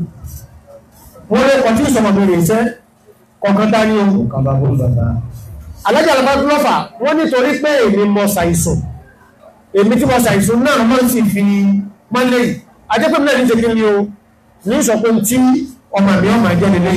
wọ́n lé kọ̀tí ìsọ̀mọ̀ bèrè iṣẹ́ kọ̀ọ̀kan tá ní ohun àlàyé àgbàrú lọ́fà wọ́n nítorí pé èmi mọ ṣàìsùn èmi tí mo ṣàìsùn náà mọ́ sí fi mọ́lẹ̀ ajẹ́pẹ́mílẹ̀ ní ṣe kí ni o ní ìsọ̀kun tí ọmọ mi ọmọ ẹ̀jẹ̀ nílé